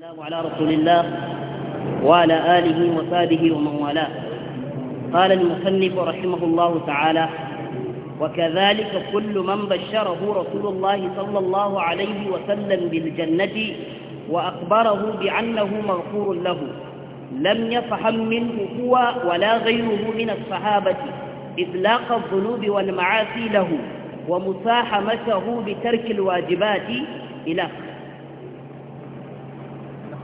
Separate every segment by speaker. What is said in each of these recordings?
Speaker 1: والسلام على رسول الله وعلى آله وصحبه ومن والاه قال المصنف رحمه الله تعالى وكذلك كل من بشره رسول الله صلى الله عليه وسلم بالجنة وأخبره بأنه مغفور له لم يفهم منه هو ولا غيره من الصحابة إطلاق الذنوب والمعاصي له ومساحمته بترك الواجبات إلى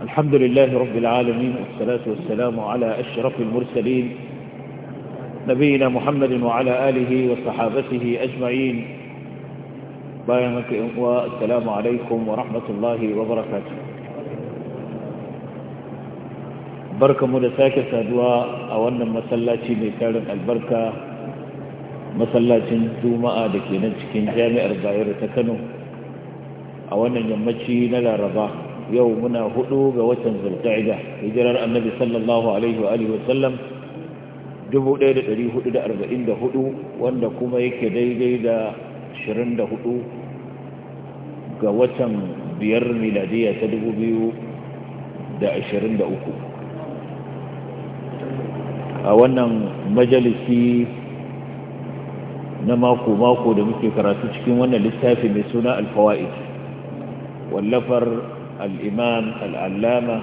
Speaker 1: الحمد لله رب العالمين والصلاة والسلام على أشرف المرسلين نبينا محمد وعلى آله وصحابته أجمعين والسلام عليكم ورحمة الله وبركاته بركة مدساكة سادواء أولا مسلاتي ميتار البركة مسلاتي دوماء لكي نجكين جامع الزائرة كنو أولا يمتشي نلا رضاه yau muna hudu ga watan zulqa'ida hijirar annabi sallallahu alaihi wa alihi wasallam 1444 wanda kuma yake daidai da 24 ga watan biyar miladiya ta 2023 a wannan majalisi na mako-mako da muke karatu cikin wannan littafi mai suna alfawa'id wallafar الإمام العلامة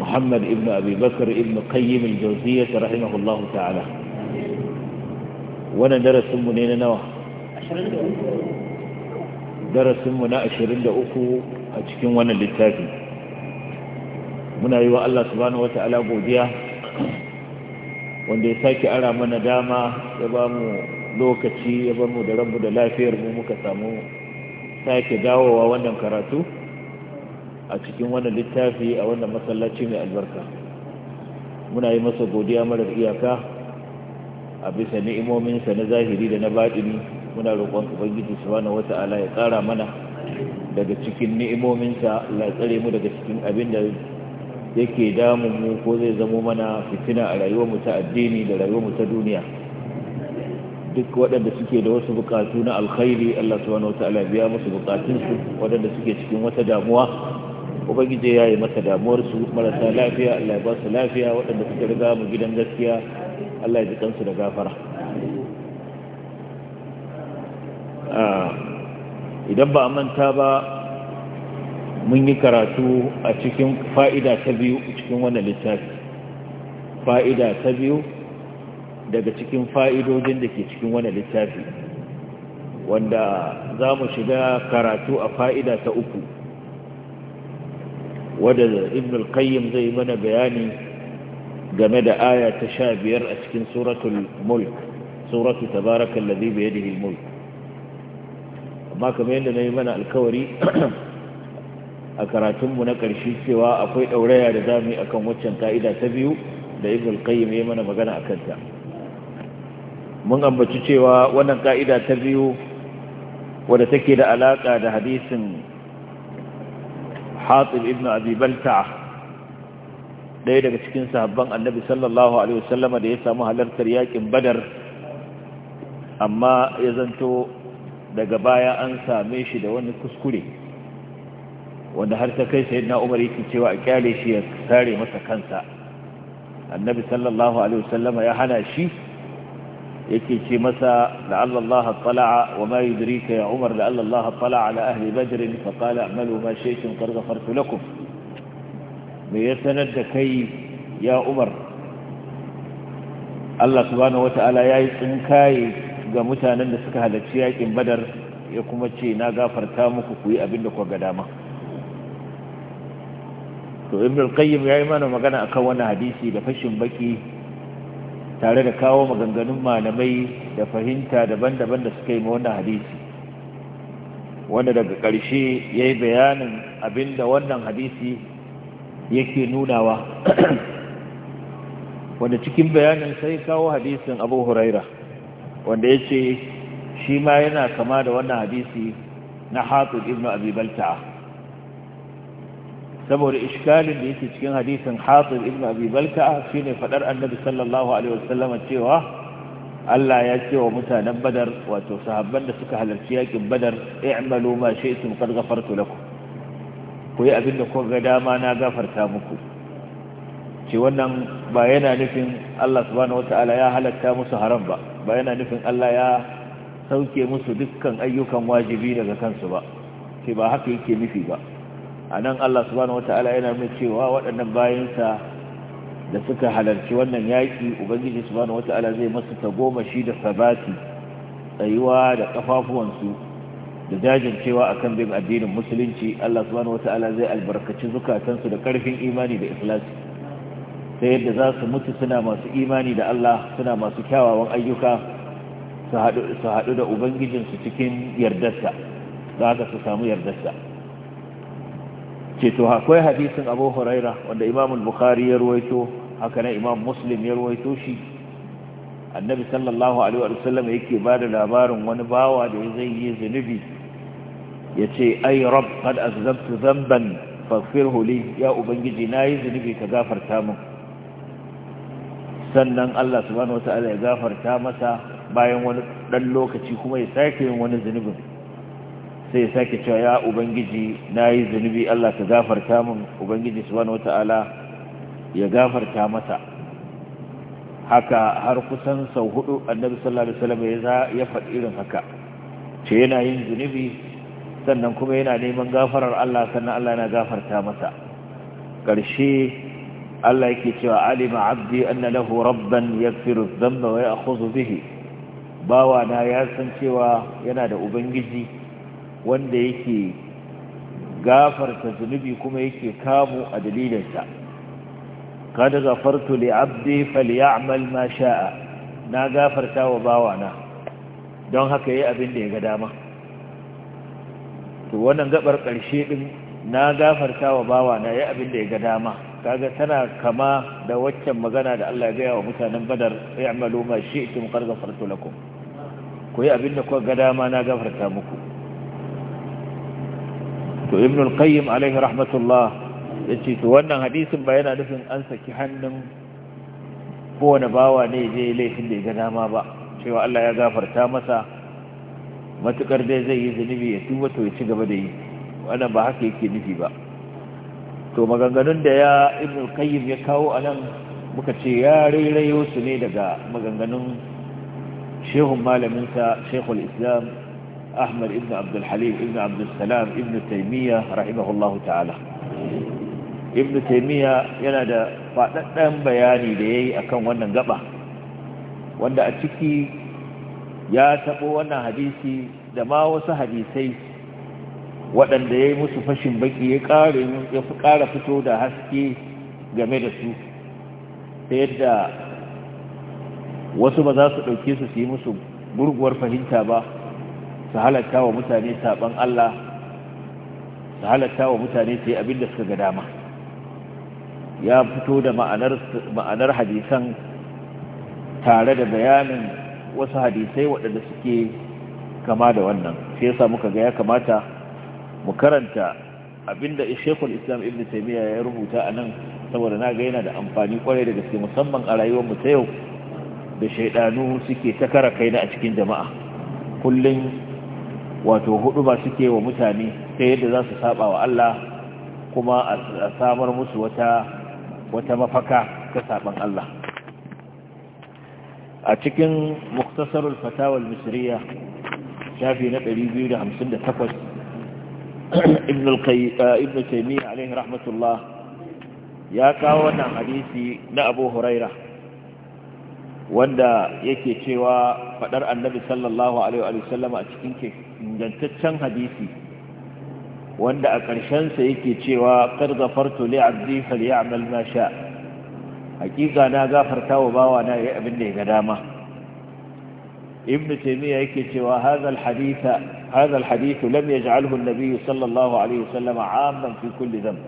Speaker 1: محمد ابن أبي بكر ابن قيم الجوزية رحمه الله تعالى وانا درس منين نوى درس منا أشرين لأكو أتكين وانا للتاكي muna yi wa Allah subhanahu wata'ala godiya wanda ya sake ara mana dama ya ba mu lokaci ya ba mu da rabu da lafiyar mu muka samu sake dawowa wannan karatu a cikin wannan littafi a wannan masallaci mai albarka muna yi masa godiya marar iyaka a bisa ni'imominsa na zahiri da na baɗini muna roƙon ubangiji subhanahu wata'ala ya tsara mana daga cikin ni'imominsa la tsare mu daga cikin abin da yake damu mu ko zai zamo mana fitina a rayuwar mu ta addini da rayuwar mu ta duniya duk waɗanda suke da wasu bukatu na alkhairi Allah subhanahu wata'ala biya musu bukatunsu waɗanda suke cikin wata damuwa ubangiji ya yi masa damuwarsu marasa lafiya Allah ya ba su lafiya waɗanda suka riga mu gidan gaskiya Allah ya ji kansu da gafara idan ba a manta ba mun yi karatu a cikin fa'ida ta biyu cikin wannan littafi fa'ida ta biyu daga cikin fa'idodin da ke cikin wannan littafi wanda za mu shiga karatu a fa'ida ta uku wadda ibn al-qayyim zai mana bayani game da aya ta sha biyar a cikin suratul mulk suratu tabaraka allazi bi yadihi al-mulk amma kamar yadda yi mana alkawari a karatunmu na ƙarshe cewa akwai ɗauraya da zami akan waccan ka'ida ta biyu da ibn al-qayyim ya mana magana a kanta mun ambaci cewa wannan ka'ida ta biyu wadda take da alaƙa da hadisin hatib ibn abi balta ɗaya daga cikin sahabban annabi sallallahu da ya samu halartar yakin badar amma ya zanto daga baya an same shi da wani kuskure wanda har ta kai sayyidina umar yake cewa a kyale shi ya sare masa kansa annabi sallallahu ya hana shi yake ce masa da Allah tala'a wa ma yudrika ya Umar da Allah tala'a ala ahli Badr fa qala a'malu ma shi'tum qad me ya sanar da kai ya Umar Allah subhanahu ya yayi tsinkaye ga mutanen da suka halarci yakin Badar ya kuma ce na gafarta muku ku yi abin da ku ga dama to Ibn al-Qayyim yi mana magana akan wannan hadisi da fashin baki tare da kawo maganganun malamai da fahimta daban-daban da suka yi ma wannan hadisi wanda daga ƙarshe ya yi bayanin abin da wannan hadisi yake nunawa wanda cikin bayanin sai kawo hadisin abu huraira wanda ya ce shi ma yana kama da wannan hadisi na hatsun ibn abibalta'a saboda iskalin da yake cikin hadisin hatsir ibn abibalka balka shine faɗar annabi sallallahu alaihi wasallam cewa Allah ya ce wa mutanen badar wato sahabban da suka halarci yakin badar i'malu ma shi'tum qad ghafartu lakum ku yi abin da kuka ga dama na gafarta muku ce wannan ba yana nufin Allah subhanahu wata'ala ya halatta musu haram ba ba yana nufin Allah ya sauke musu dukkan ayyukan wajibi daga kansu ba ce ba haka yake nufi ba a nan Allah subhanahu wata'ala yana nuna cewa waɗannan bayansa da suka halarci wannan yaƙi ubangiji subhanahu wata'ala zai masu tagomashi da sabati tsayuwa da ƙafafuwansu da a kan bin addinin musulunci Allah subhanahu wata'ala zai albarkaci zukatansu da ƙarfin imani da ikhlasi sai yadda za su mutu suna masu imani da Allah suna masu kyawawan ayyuka su haɗu da ubangijinsu cikin yardarsa za ka su samu yardarsa ce to akwai hadisin abu huraira wanda imam bukhari ya ruwaito haka na imam muslim ya ruwaito shi annabi sallallahu alaihi wa sallam yake ba da labarin wani bawa da zai yi zunubi ya ce ai rab qad azabtu dhanban huli, li ya ubangiji nayi zunubi ka gafarta min sannan Allah subhanahu wataala ya gafarta masa bayan wani dan lokaci kuma ya sake yin wani zunubin sai ya sake cewa ya ubangiji na yi zunubi Allah ka gafarta min ubangiji subhanahu wata'ala ya gafarta masa haka har kusan sau hudu annabi sallallahu alaihi wasallam ya faɗi irin haka ce yana yin zunubi sannan kuma yana neman gafarar Allah sannan Allah yana gafarta masa ƙarshe Allah yake cewa alima abdi anna lahu rabban yaghfiru dhanba wa ya'khudhu bihi bawa na ya san cewa yana da ubangiji wanda yake gafarta zunubi kuma yake kamu a dalilinsa kada gafartu li abdi fal ya'mal ma sha'a na gafarta wa bawana don haka yayi abin da ya ga dama to wannan gabar karshe din na gafarta wa bawana yayi abin da ya ga dama kaga tana kama da waccan magana da Allah ya gaya wa mutanen Badar ya'malu ma shi'tum qad ghafartu lakum ku yi abin da kuka ga dama na gafarta muku to ibn al-qayyim alaihi rahmatullah yace to wannan hadisin ba yana nufin an saki hannun kowane bawa ne je laifin da ya ga dama ba cewa Allah ya gafarta masa matukar dai zai yi zunubi ya tuba to ya ci gaba da yi wannan ba haka yake nufi ba to maganganun da ya ibn al-qayyim ya kawo anan muka ce ya rairayo su ne daga maganganun shehun malaminsa shehul islam أحمد ابن عبد الحليم ابن عبد السلام ابن تيمية رحمه الله تعالى ابن تيمية ينادى فأتنا بياني ليه أكون وانا نقبع وانا أتكي ya taɓo wannan hadisi da ma wasu hadisai waɗanda ya yi musu fashin baki ya fi ƙara fito da haske game da su ta yadda wasu ba za su ɗauke su su musu gurguwar fahimta ba su halatta wa mutane saban Allah su halatta wa mutane su yi abin da suka ga dama ya fito da ma'anar hadisan tare da bayanin wasu hadisai waɗanda suke kama da wannan sai yasa muka ga ya kamata mu karanta abinda shekul islam ibn taimiyya ya rubuta a nan saboda na ga yana da amfani kwarai da gaske musamman a rayuwarmu ta yau da shaidanu suke takara kara kaina a cikin jama'a kullum wato huɗu ba suke wa mutane ta yadda za su saba wa Allah kuma a samar musu wata mafaka ta saban Allah a cikin muktasarul fatawal misriya shafi na 258 ibn uh, ibn taymiyyah rahmatullah ya kawo wannan hadisi na abu huraira wanda yake cewa fadar annabi sallallahu alaihi wa sallam a cikin ingantaccen hadisi wanda a ƙarshensa yake cewa kar gafartu li abdi yamal ma sha haƙiƙa na gafarta wa bawa na yi abin da ya ga dama ibn taymiya yake cewa hadha al haditha hadha al hadith lam yaj'alhu an-nabiy sallallahu 'amman fi kulli dhanb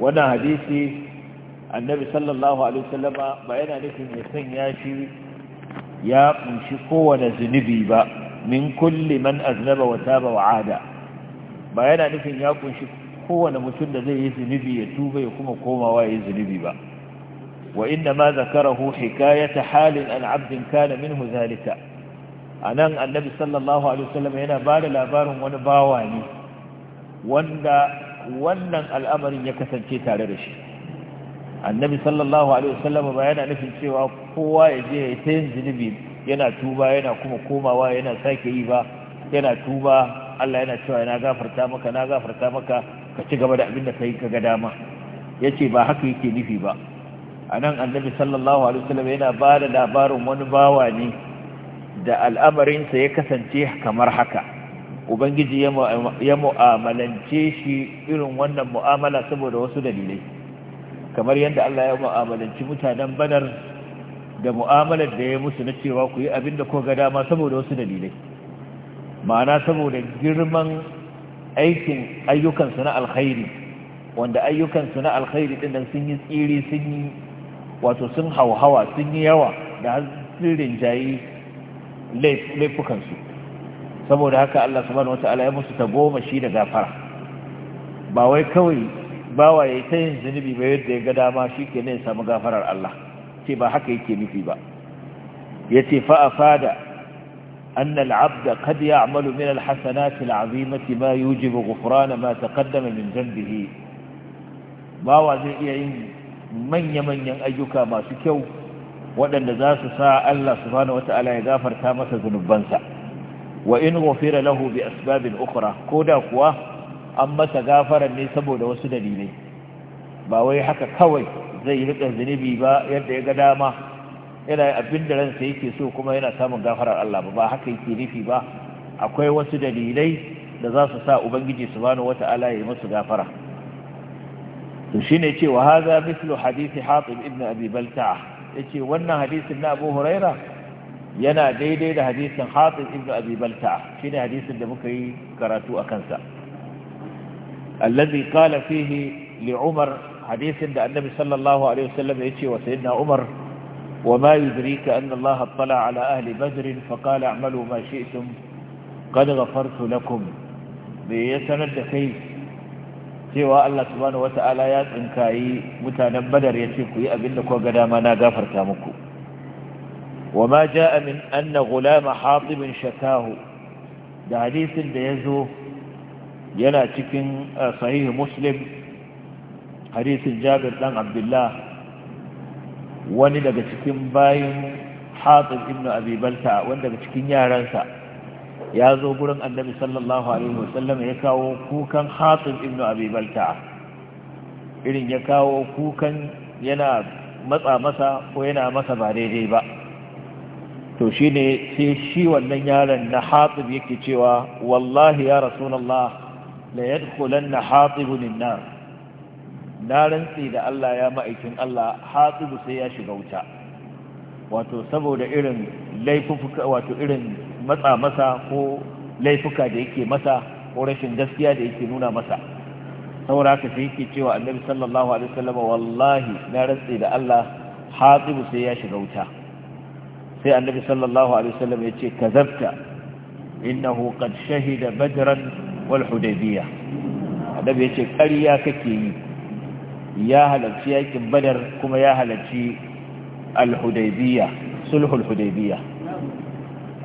Speaker 1: wannan hadisi annabi sallallahu alaihi wasallam ba yana nufin ya sanya shi ya kunshi kowane zunubi ba min kulli man aznaba wa taba wa ada ba yana nufin ya kunshi kowane mutum da zai yi zunubi ya tuba ya kuma komawa ya yi zunubi ba wa inna ma zakarahu hikayata halin an abdin kana minhu zalika anan annabi sallallahu alaihi wasallam yana ba da labarin wani bawa ne wanda wannan al'amarin ya kasance tare da shi annabi sallallahu alaihi wasallam ba yana nufin cewa kowa ya je ya ta yin zunubi yana tuba yana kuma komawa yana sake yi ba yana tuba Allah yana cewa na gafarta maka na gafarta maka ka ci gaba da abin da kai kaga dama yace ba haka yake nufi ba anan annabi sallallahu alaihi wasallam yana ba da labarin wani bawa ne da al'amarin sa ya kasance kamar haka ubangiji ya mu'amalance shi irin wannan mu'amala saboda wasu dalilai kamar yadda Allah ya mu'amalanci mutanen badar da mu'amalar da ya musu na cewa ku yi abin da ko ga dama saboda wasu dalilai ma'ana saboda girman aikin ayyukansu na alkhairi wanda ayyukansu na alkhairi ɗin nan sun yi tsiri sun yi wato sun hauhawa sun yi yawa da har sun jayi laifukansu saboda haka Allah subhanahu wata'ala ya musu goma shi da gafara ba wai kawai bawa ya ta yin zunubi ba yadda ya ga dama shi ke ne ya samu gafarar Allah ce ba haka yake nufi ba ya ce fa'afada أن العبد قد يعمل من ba العظيمة ما يوجب غفران ما تقدم من ba wa zai iya yin manya-manyan ayyuka masu kyau waɗanda za su sa Allah subhanahu wata'ala ya gafarta masa zunubansa wa in ghufira lahu bi asbabin ko da kuwa an masa gafaran ne saboda wasu dalilai ba wai haka kawai zai rika zunubi ba yadda ya ga dama yana abin da ransa yake so kuma yana samun gafarar Allah ba ba haka yake nufi ba akwai wasu dalilai da za su sa ubangiji subhanahu wata'ala ya musu gafara to shine ce wa hadha mithlu hadisi Hatib ibn Abi Balta'a yace wannan hadisin na Abu Huraira yana daidai da hadisin Hatib ibn Abi Balta'a shine hadisin da muka yi karatu a kansa الذي قال فيه لعمر hadisin da annabi sallallahu alaihi wasallam ya ce wa sayyidina Umar wa ma yudrika anna Allah attala ala ahli badr fa qala a'malu ma shi'tum qad ghafartu ya sanar da kai cewa Allah subhanahu wata'ala ya tsinkayi mutanen badar ya ce ku yi abin da kuka ga na gafarta muku wa ma ja'a min anna ghulama hatib shakahu da hadisin da yazo yana cikin eh, sahih muslim hadisin jabir dan abdullah wani daga cikin bayin hatsin Ibnu abibalta wani daga cikin yaransa ya zo gurin annabi sallallahu alaihi wasallam ya kawo kukan hatsin Ibnu abibalta irin ya kawo kukan yana matsa masa ko yana masa ba daidai ba to shi ne sai shi wannan yaron na hatsar yake cewa wallahi ya rasulallah la yadkhulanna hatibun nar na rantse da Allah ya ma'aikin Allah hatsibu sai ya shiga wuta wato saboda irin laifuka wato irin matsa masa ko laifuka da yake masa ko rashin gaskiya da yake nuna masa saboda haka sai yake cewa annabi sallallahu alaihi wasallam wallahi na rantse da Allah hatsibu sai ya shiga wuta sai annabi sallallahu alaihi wasallam ya ce kazabta innahu qad shahida badran wal hudaybiyah annabi ya ce ƙarya kake yi ya halarci yakin badar kuma ya halarci al sulhul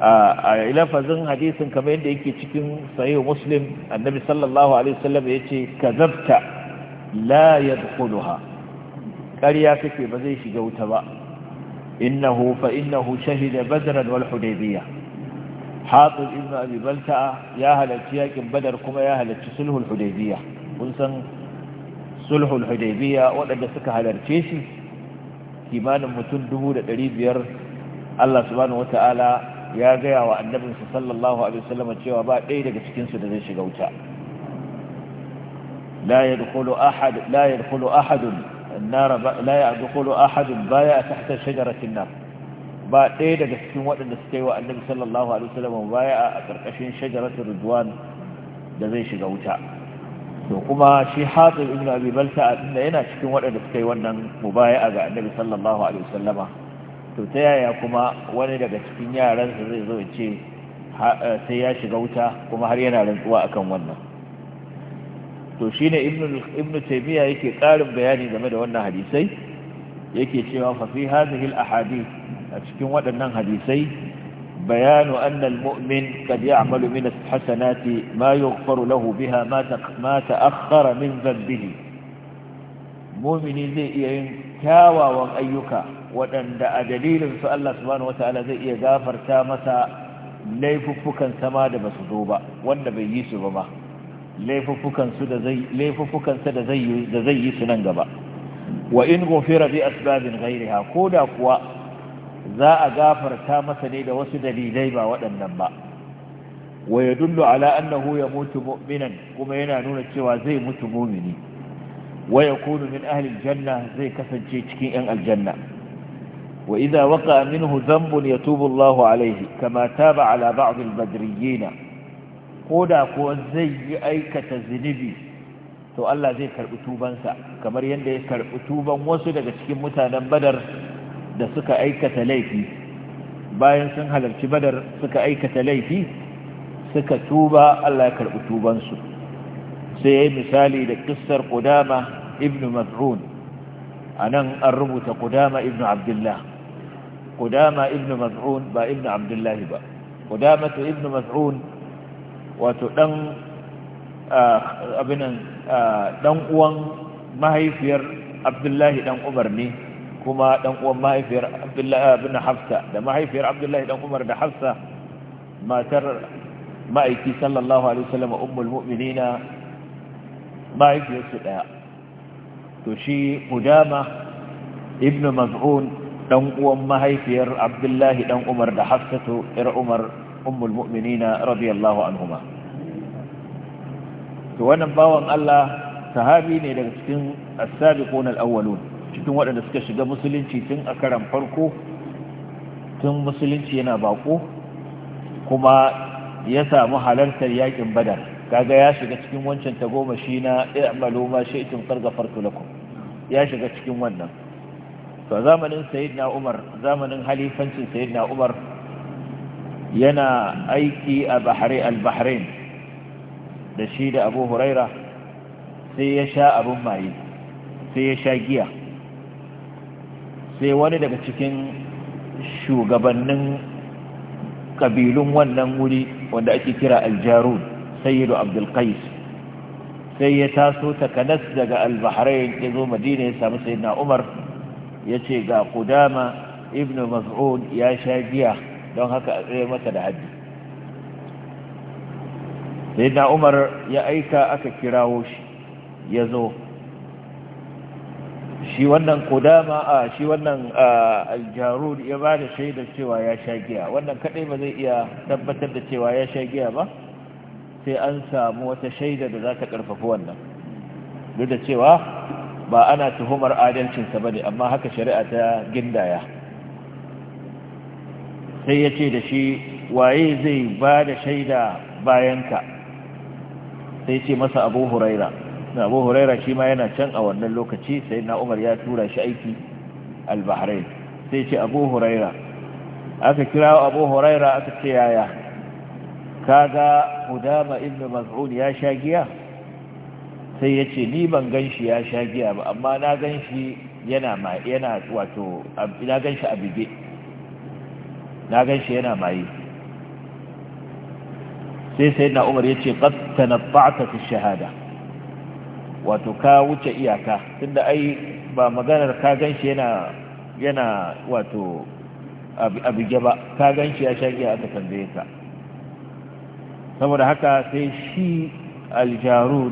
Speaker 1: a lafazin hadisin kamar yadda yake cikin sahih muslim annabi sallallahu alaihi wasallam yace kazabta la yadkhuluha ƙarya kake ba zai shiga wuta ba innahu fa innahu shahida badran wal hatib ibn abi balta'a ya halarci yakin badar kuma ya halarci sulhul hudaibiya kun san sulhul hudaybiya wadanda suka halarce shi kimanin mutum dubu da ɗari biyar Allah subhanahu wata'ala ya gaya wa annabinsa sallallahu alaihi wasallam cewa ba ɗaya daga cikinsu da zai shiga wuta la yadkhulu ahad la yadkhulu ahad النار لا يدخل أحد بايع تحت شجرة النار ba ɗaya daga cikin waɗanda suka yi wa annabi sallallahu alaihi wasallam baya a ƙarƙashin shajaratul ridwan da zai shiga wuta to kuma shi hatsin ibn abi balta inda yana cikin waɗanda suka yi wannan mubaya'a ga annabi sallallahu alaihi wasallama to ta yaya kuma wani daga cikin yaransa zai zo ce eh, sai ya shiga wuta kuma har yana rantsuwa akan wannan to shine ibn ibn taymiya yake ƙarin bayani game da wannan hadisai yake cewa fa fi hadhihi al ahadith a cikin waɗannan hadisai بيان أن المؤمن قد يعمل من الحسنات ما يغفر له بها ما تأخر من ذنبه مؤمن زي ينكاوى وأيك وأن دليل فالله سبحانه وتعالى زي يغافر تامسا laifuffukan sama da ba su zo ba wanda bai yi su ba ma laifuffukansa da zai yi su nan gaba wa in gofira bi asbabin gairiha ko da kuwa za a gafarta masa ne da wasu dalilai ba waɗannan ba wa Dullu ala annahu mutu mu'minan kuma yana nuna cewa zai mutu mu'mini wa yakunu min ahli aljanna zai kasance cikin yan aljanna wa idza waqa minhu dhanbun yatubu Allahu alayhi kama taba ala ba'd albadriyina koda ko zai yi aikata zinubi to Allah zai karbi tubansa kamar yadda ya karbi tuban wasu daga cikin mutanen Badar da suka aikata laifi bayan sun halarci badar suka aikata laifi suka tuba Allah ya karɓi tubansu sai ya yi misali da kissar Qudama ibn a nan an rubuta Qudama ibn Abdullah Qudama ibn Mas'ud ba ibn Abdullah ba ta ibn Mas'ud wato dan uwan mahaifiyar Abdullahi dan Umar ne kuma ɗan uwan mahaifiyar Abdullahi ibn Hafsa da mahaifiyar Abdullahi dan Umar da Hafsa matar ma'aiki sallallahu alaihi wasallam ummul mu'minina mahaifiyar su daya to shi Qudama ibn Maz'un dan uwan mahaifiyar Abdullahi dan Umar da Hafsatu ir Umar ummul mu'minina radiyallahu anhuma to wannan bawan Allah sahabi ne daga cikin as-sabiqun al-awwalun cikin waɗanda suka shiga musulunci tun a karan farko tun musulunci yana bako kuma ya samu halartar yakin badar kaga ya shiga cikin wancan tagomashi na i'malu ma shi'tum fargafartu lakum ya shiga cikin wannan to zamanin sayyidina Umar zamanin halifancin sayyidina Umar yana aiki a Bahrain al-Bahrain da shi da Abu Huraira sai ya sha abun maye sai ya sha giya sai wani daga cikin shugabannin kabilun wannan wuri wanda ake kira aljarun sayyidu abdulkais sai ya taso takanas daga albahrain ya zo madina ya samu sayyidina umar ya ce ga kudama ibnu mas'ud ya sha biya don haka a tsaye masa da haddi sayyidina umar ya aika aka kirawo shi ya zo shi wannan kudama a shi wannan aljarud ya ba da shaidar cewa ya sha giya wannan kadai ba zai iya tabbatar da cewa ya sha giya ba sai an samu wata shaida da za ta karfafi wannan duk da cewa ba ana tuhumar adalcinsa ba ne amma haka shari'a ta gindaya sai ya ce da shi waye zai ba da shaida bayanka sai ce masa abu huraira na abu huraira shi ma yana can a wannan lokaci sai na umar ya tura shi aiki al sai ce abu huraira aka kira abu huraira aka ce yaya kaga hudama ibnu mas'ud ya sha giya sai ya ce ni ban gan shi ya sha giya ba amma na gan shi yana yana wato na gan shi a na gan shi yana maye sai sai na umar ya ce qad tanabba'ta fi shahada wato ka wuce iyaka tunda ai ba maganar ka ganshi yana yana wato abige ba ka ganshi ya shagiya aka tambaye ka saboda haka sai shi aljarud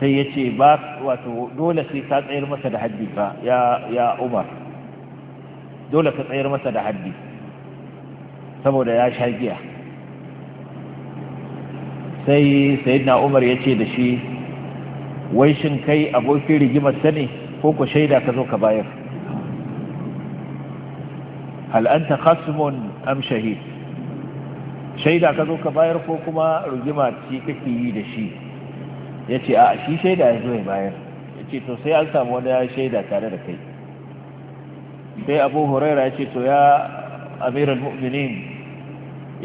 Speaker 1: sai ya ce ba wato dole sai ka tsayar masa da haddi ba ya ya umar dole ka tsayar masa da haddi saboda ya shagiya sai sayyidina umar ya ce da shi wai shin kai abokin rigimar sani ko ku shaida ka zo ka bayar hal anta am shahid shaida ka zo ka bayar ko kuma rigima ce kake yi da shi Ya ce a shi shaida ya zo ya bayar Ya ce to sai an samu wani shaida tare da kai sai abu huraira ce to ya amiral mu'minin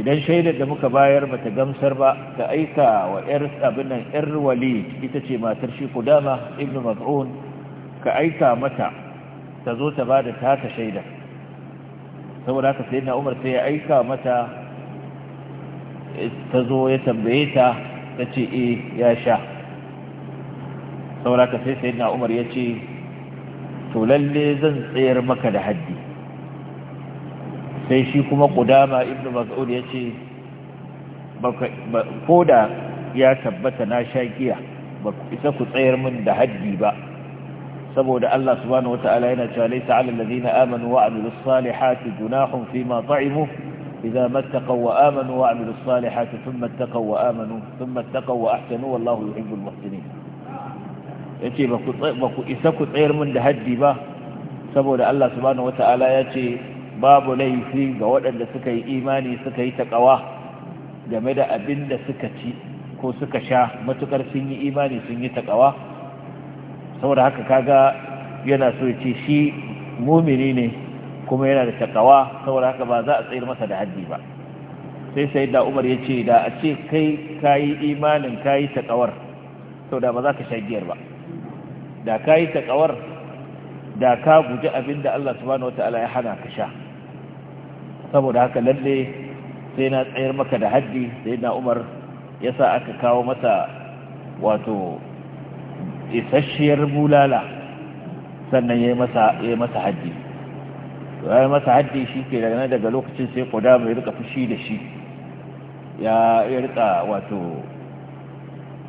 Speaker 1: idan shaidar da muka bayar bata gamsar ba ta aika wa yar abin yar wali ita ce matar shi kudama Ibn maz'un ka aika mata ta zo ta bada taka shaida saboda haka sayyidina Umar sai ya aika mata ta zo ya tambaye ta tace eh ya sha saboda haka sai sai sayyidina Umar ya ce to zan tsayar maka da haddi sai shi kuma kudama Ibn mas'ud ya ce ko da ya tabbata na sha giya ba isa ku tsayar min da haddi ba saboda Allah subhanahu wata'ala yana cewa laysa 'alal ladina amanu wa 'amilus salihati junahun fima ta'imu إذا ما اتقوا وآمنوا وعملوا الصالحات ثم اتقوا وآمنوا ثم اتقوا وأحسنوا والله يحب المحسنين yace ba ku isa ku tsayar min da haddi ba saboda Allah subhanahu wataala yace babu laifi ga waɗanda suka yi imani suka yi taƙawa game da abin da suka ci ko suka sha matukar sun yi imani sun yi taƙawa saboda haka kaga yana so ce shi mumini ne kuma yana da taƙawa saboda haka ba za a tsayar masa da haddi ba sai sai da umar ya ce da a ce kai ka yi imanin ka yi taƙawar sau da ba za ka sha giyar ba da ka yi taƙawar da ka guji abin da Allah subhanahu ta'ala ya hana ka sha saboda haka lalle sai na tsayar maka da haddi sai na umar ya sa aka kawo masa wato isasshiyar bulala sannan ya yi masa haddi ya yi masa haddi shi ke daga daga lokacin sai kuda mai rika fushi da shi ya rika wato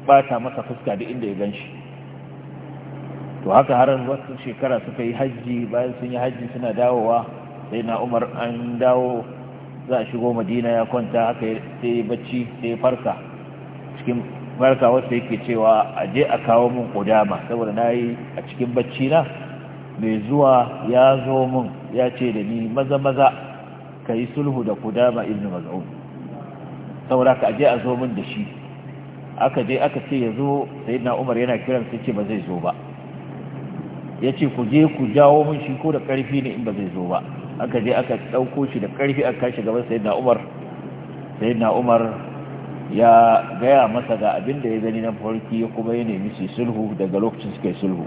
Speaker 1: bata masa fuska da inda ya gan shi to haka har wasu shekara suka yi hajji bayan sun yi hajji suna dawowa sai na umar an dawo za a shigo madina ya kwanta haka sai bacci sai farka cikin farka wasu yake cewa a je a kawo mun kudama saboda na yi a cikin bacci na mai zuwa ya zo mun ya ce da ni maza maza ka yi sulhu da kudama ibn maz'un saboda ka je a zo mun da shi aka je aka ce ya zo sai na umar yana kiran sai ce ba zai zo ba ya ce ku je ku jawo mun shi ko da karfi ne in ba zai zo ba aka je aka ɗauko shi da ƙarfi aka kashi gaban sayyidina umar umar ya gaya masa ga abin da ya gani na farki ya kuma ya nemi su sulhu daga lokacin suka yi sulhu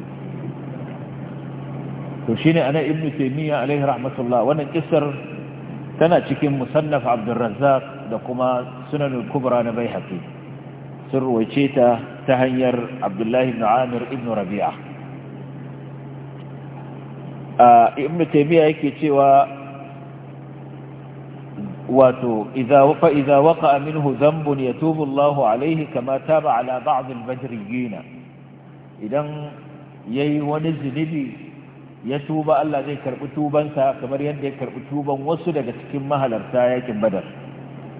Speaker 1: to shine ana ibn taimiyya alaihi rahmatullah wannan kissar tana cikin musannaf abdurrazzaq da kuma sunanul kubra na baihaqi sun ruwaice ta ta hanyar abdullahi ibn amir ibn rabi'a ibn taymiya yake cewa wato idza idza waqa minhu dhanbun yatubu Allahu alayhi kama taba ala ba'd al-bajriyin idan yayi wani zunubi ya tuba Allah zai karbi tubansa kamar yadda ya karbi tuban wasu daga cikin mahalarta yakin Badar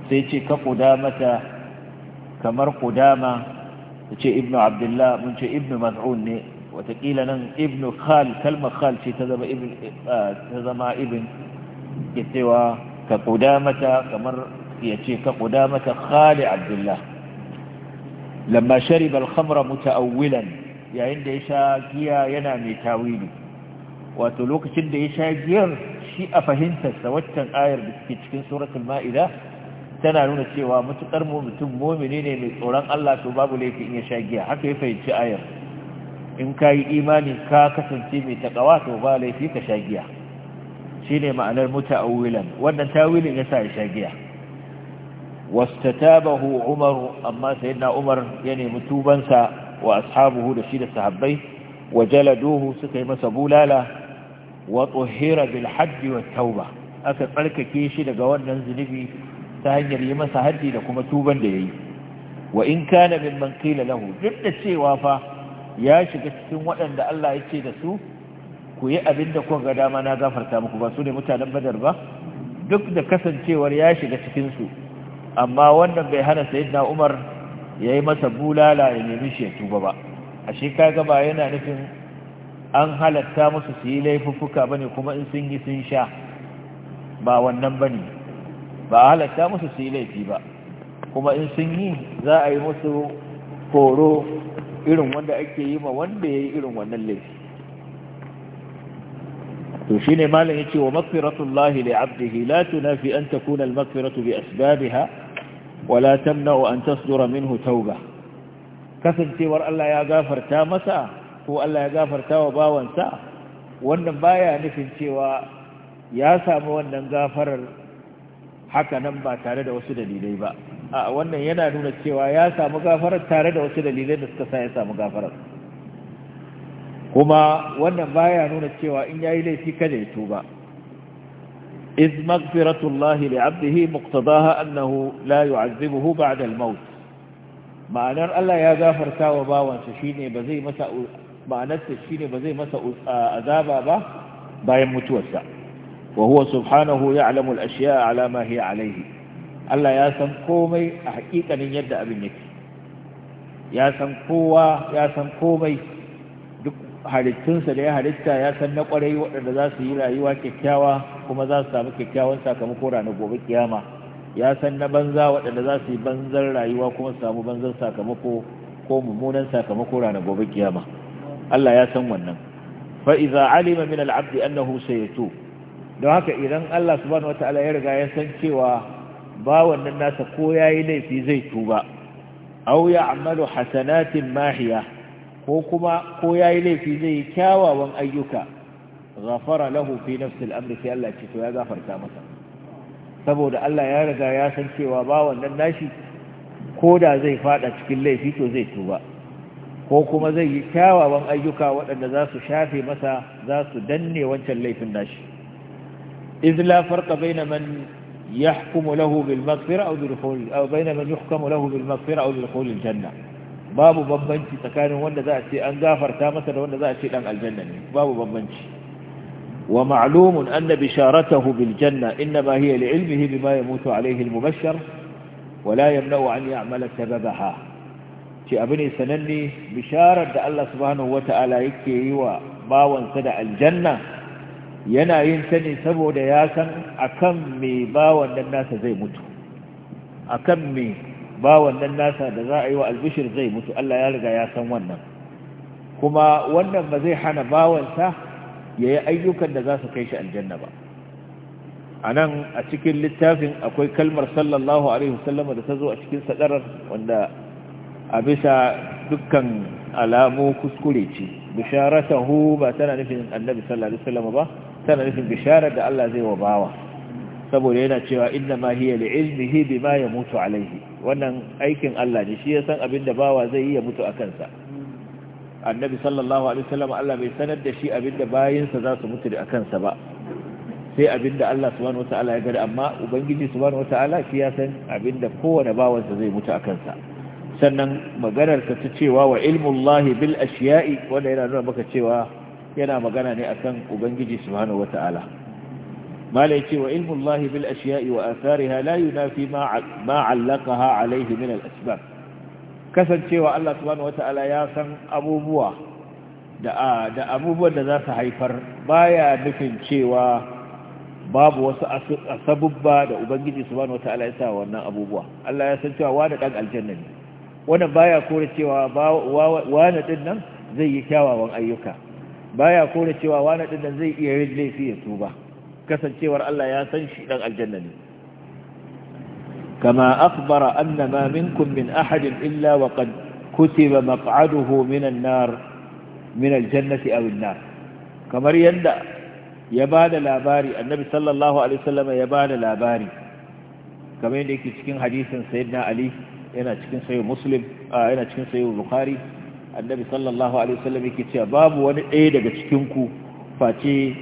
Speaker 1: sai ce ka qudamata kamar qudama ce ibnu abdullah mun ce ibnu mas'ud ne watakila nan ibn khal kalmar khal ce ta zama ibn eh, ta ke cewa ka kamar ya ce ka mata khali abdullah lamma shariba al-khamra muta'awwilan yayin da ya sha giya yana mai tawili wato lokacin da ya sha giyar shi a fahimtarsa waccan ayar da suke cikin suratun ma'ida tana nuna cewa mutukar mutum mumini ne mai tsoron Allah to babu laifin ya sha giya haka ya fahimci ayar in ka yi imani ka kasance mai taƙawa to ba laifi ka sha giya shi ne ma'anar muta awilan wannan tawilin ya sa ya sha giya wasta tabahu Umar, amma sai na umar ya nemi tubansa wa ashabuhu da shi da sahabbai wa jaladuhu suka yi masa bulala wa tsohira bil haddi wa tauba aka tsarkake shi daga wannan zunubi ta hanyar yi masa haddi da kuma tuban da ya yi wa in kana min man qila lahu duk da cewa fa ya shiga cikin waɗanda Allah ya ce da su ku yi abin da kuka ga dama na gafarta muku ba su ne mutanen badar ba duk da kasancewar ya shiga cikinsu amma wannan bai hana sayyidina umar ya yi masa bulala ya nemi shi ya tuba ba a shi kaga ba yana nufin an halatta musu su yi laifuffuka bane kuma in sun yi sun sha ba wannan bane ba a halatta musu su yi laifi ba kuma in sun yi za a yi musu koro. irin wanda ake yi ma wanda ya yi irin wannan laifi to shi ne malam ya ce wa maghfiratullahi li abdihi la tunafi an takuna al-maghfiratu bi asbabiha wala tamna'u an tasdura minhu tauba kasancewar Allah ya gafarta masa ko Allah ya gafarta wa bawansa wannan baya nufin cewa ya samu wannan gafarar haka nan ba tare da wasu dalilai ba a wannan yana nuna cewa ya samu gafarar tare da wasu dalilai da suka sa ya samu gafarar kuma wannan baya nuna cewa in yayi laifi kada ya tuba iz maghfiratullahi li'abdihi muqtadaha annahu la yu'azzibuhu ba'da al-maut ma'anar Allah ya gafarta wa bawansa shine ba zai masa ma'anar shine ba zai masa azaba ba bayan mutuwarsa wa huwa subhanahu ya'lamu al-ashya'a ala ma hiya Allah ya san komai a hakikanin yadda abin yake ya san kowa ya san komai duk halittunsa da ya halitta ya san na kwarai waɗanda za su yi rayuwa kyakkyawa kuma za su samu kyakkyawan sakamako ranar gobe kiyama ya san na banza waɗanda za su yi banzar rayuwa kuma su samu banzar sakamako ko mummunan sakamako ranar gobe kiyama Allah ya san wannan Fa'iza iza alima min al-abdi annahu sayatu don haka idan Allah subhanahu wataala ya riga ya san cewa ba nan nasa ko yayi laifi zai tuba aw ya'malu hasanatin mahiya ko kuma ko yayi laifi zai yi kyawawan ayyuka ghafara lahu fi nafsi al-amri sai Allah ce to ya gafarta masa saboda Allah ya riga ya san cewa ba nan nashi ko da zai fada cikin laifi to zai tuba ko kuma zai yi kyawawan ayyuka waɗanda za su shafe masa za su danne wancan laifin nashi إذ لا فرق بين من يحكم له بالمغفرة أو بالدخول أو بين من يحكم له بالمغفرة أو الجنة babu bambanci tsakanin wanda za ce an gafarta masa da wanda za ce an aljanna ne babu bambanci wa ma'lumun anna bisharatahu bil janna inma hiya li ilmihi bima yamutu alayhi al mubashshar wa la yamna'u an ya'mala sababaha ce sananne bisharar da Allah subhanahu wata'ala yake yi wa bawansa da aljanna yana yin ta ne saboda ya san akan mai ba wannan nasa zai mutu akan me ba wannan nasa da za a yi wa albishir zai mutu Allah ya riga ya san wannan kuma wannan ba zai hana bawansa ya yi ayyukan da za su kai shi aljanna ba a nan a cikin littafin akwai kalmar sallallahu alaihi wasallama da ta zo a cikin sadarar wanda a bisa dukkan alamu kuskure ce bisharatahu ba tana nufin annabi sallallahu alaihi wasallama ba tana nufin bisharar da Allah zai wa bawa saboda yana cewa inna ma hiya li ilmihi bima yamutu alaihi wannan aikin Allah ne shi ya san abin da bawa zai yi ya mutu a kansa annabi sallallahu alaihi wasallam Allah bai sanar da shi abinda da bayinsa za su mutu a kansa ba sai abin da Allah subhanahu wataala ya gada amma ubangiji subhanahu wataala shi ya san abinda kowane bawansa zai mutu a kansa sannan maganar ta cewa wa ilmullahi bil ashiya'i wanda yana nuna maka cewa yana magana ne akan ubangiji subhanahu wata'ala mala yace wa ilmu Allah bil ashiya'i wa athariha la yunafi ma ma 'allaqaha alayhi min al asbab kasancewa Allah subhanahu wata'ala ya san abubuwa da da abubuwan da za su haifar baya nufin cewa babu wasu asabubba da ubangiji subhanahu wata'ala ya sa wannan abubuwa Allah ya san cewa wani dan aljanna ne wannan baya kore cewa wani din nan zai yi kyawawan ayyuka baya kone cewa wani din nan zai iya yin laifi ya tuba kasancewar Allah ya san shi dan aljanna ne kama Akbara, Annama, ma minkum min ahadin illa wa qad kutiba maq'aduhu min an-nar min al-jannati aw an-nar kamar yanda ya bada labari annabi sallallahu alaihi wasallam ya bada labari kamar yadda yake cikin hadisin sayyidina ali yana cikin sahih muslim yana cikin sahih bukhari annabi sallallahu alaihi wasallam yake cewa babu wani ɗaya daga cikin ku face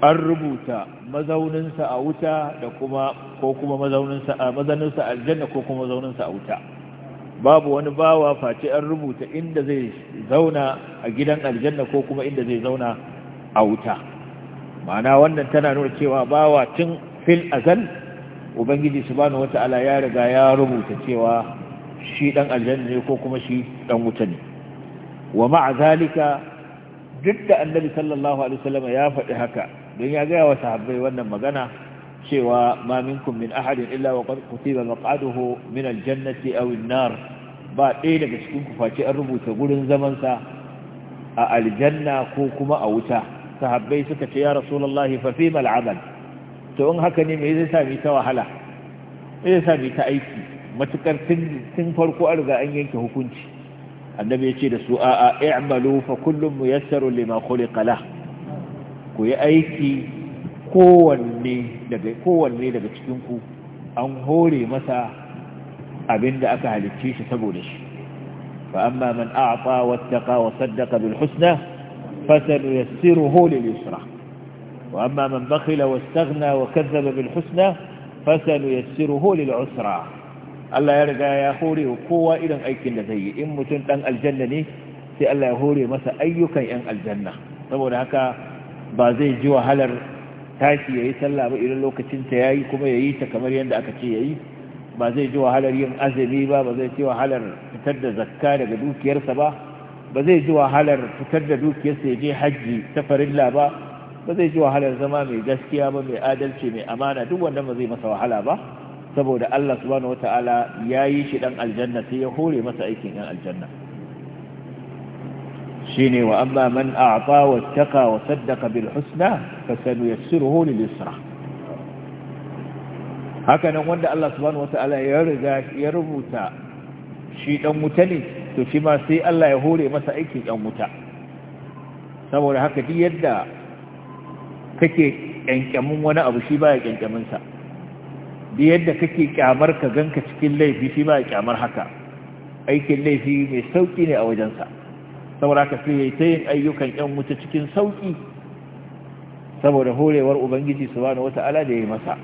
Speaker 1: an rubuta mazauninsa a wuta da kuma ko kuma mazauninsa a mazauninsa aljanna ko kuma mazauninsa a wuta babu wani bawa face an rubuta inda zai zauna a gidan aljanna ko kuma inda zai zauna a wuta ma'ana wannan tana nuna cewa bawa tun fil azal ubangiji subhanahu wata'ala ya riga ya rubuta cewa shi dan aljanna ne ko kuma shi dan wuta ne wa ma'azalika duk da annabi sallallahu alaihi wasallam ya faɗi haka don ya gaya wa sahabbai wannan magana cewa ma minkum min ahadin illa wa qad kutiba maq'aduhu min al-jannati aw an-nar ba ɗaya daga cikin ku face an rubuta gurin zaman sa a aljanna ko kuma a wuta sahabbai suka ce ya rasulullahi fa fima al-amal to in haka ne me zai sami ta wahala me zai ta aiki matukar tun farko an riga an yanke hukunci annabi ya ce da su a i'malu fa kullum muyassarun lima khuliqa lah ku yi aiki kowanne daga kowanne daga cikin ku an hore masa abinda aka halicce shi saboda shi fa amma man a'ta wattaqa wa saddaqa bil husna fasanuyassiruhu lil yusra wa amma man bakhila wastaghna wa kadhaba bil husna fasanuyassiruhu lil usra Allah ya riga ya hore wa kowa irin aikin da zai yi in mutum dan aljanna ne sai Allah ya hore masa ayyukan yan aljanna saboda haka ba zai ji wahalar tashi yayi sallah ba irin lokacin ta yayi kuma yayi ta kamar yadda aka ce yayi ba zai ji wahalar yin azumi ba ba zai ji wahalar fitar da zakka daga dukiyarsa ba ba zai ji wahalar fitar da dukiyarsa ya je hajji ta farilla ba ba zai ji wahalar zama mai gaskiya ba mai adalci mai amana duk wanda ba zai masa wahala ba saboda Allah subhanahu wata'ala ya yi shi ɗan aljanna sai ya hore masa aikin yan aljanna ne wa amma man a'ta wattaqa wa Saddaka bil husna fasanuyassiruhu lil yusra haka nan wanda Allah subhanahu wata'ala ya riga ya rubuta shi ɗan wuta ne to shi ma sai Allah ya hore masa aikin yan wuta saboda haka duk yadda kake kyankyamin wani abu shi baya kyankyamin da yadda kake kyamar ka ganka cikin laifi shi ba kyamar haka aikin laifi mai sauƙi ne a wajensa saboda ka sai yayi ta yin ayyukan yan wuta cikin sauƙi saboda horewar ubangiji subhanahu wata'ala da yayi masa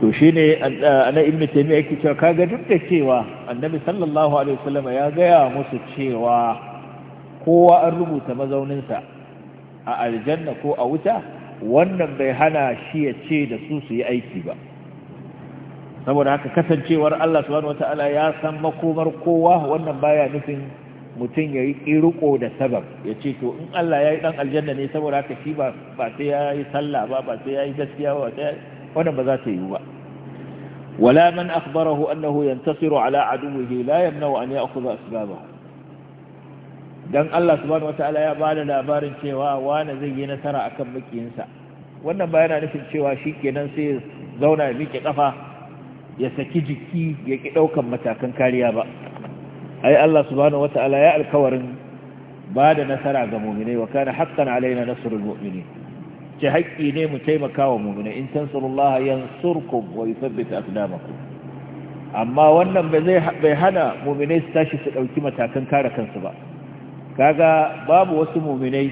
Speaker 1: to shine ana ibnu taymiya yake cewa kaga duk da cewa annabi sallallahu alaihi wasallam ya gaya musu cewa kowa an rubuta mazauninsa a aljanna ko a wuta wannan bai hana shi ya ce da su su yi aiki ba saboda haka kasancewar Allah subhanahu wata'ala ya san makomar kowa wannan baya nufin mutum ya yi ƙiruko da sabab ya ce to in Allah ya yi ɗan aljanna ne saboda haka shi ba sai ya yi sallah ba ba sai ya yi gaskiya ba wannan ba za ta yi ba wala man akhbarahu annahu yantasiru ala aduwwihi la yamna'u an ya'khudha asbabahu dan Allah subhanahu wataala ya da labarin cewa wani zai yi nasara akan makiyinsa wannan ba yana nufin cewa shi kenan sai zauna ya miƙe kafa ya saki jiki ya ki ɗaukan matakan kariya ba ai Allah subhanahu wataala ya alkawarin bada nasara ga mu'minai wa kana haqqan alaina nasrul mu'minin ce haƙƙi ne mu taimaka wa mu'minai in tansurullaha yansurkum wa yuthabbit aqdamakum amma wannan bai hana mu'minai su tashi su ɗauki matakan kare kansu ba kaga babu wasu muminai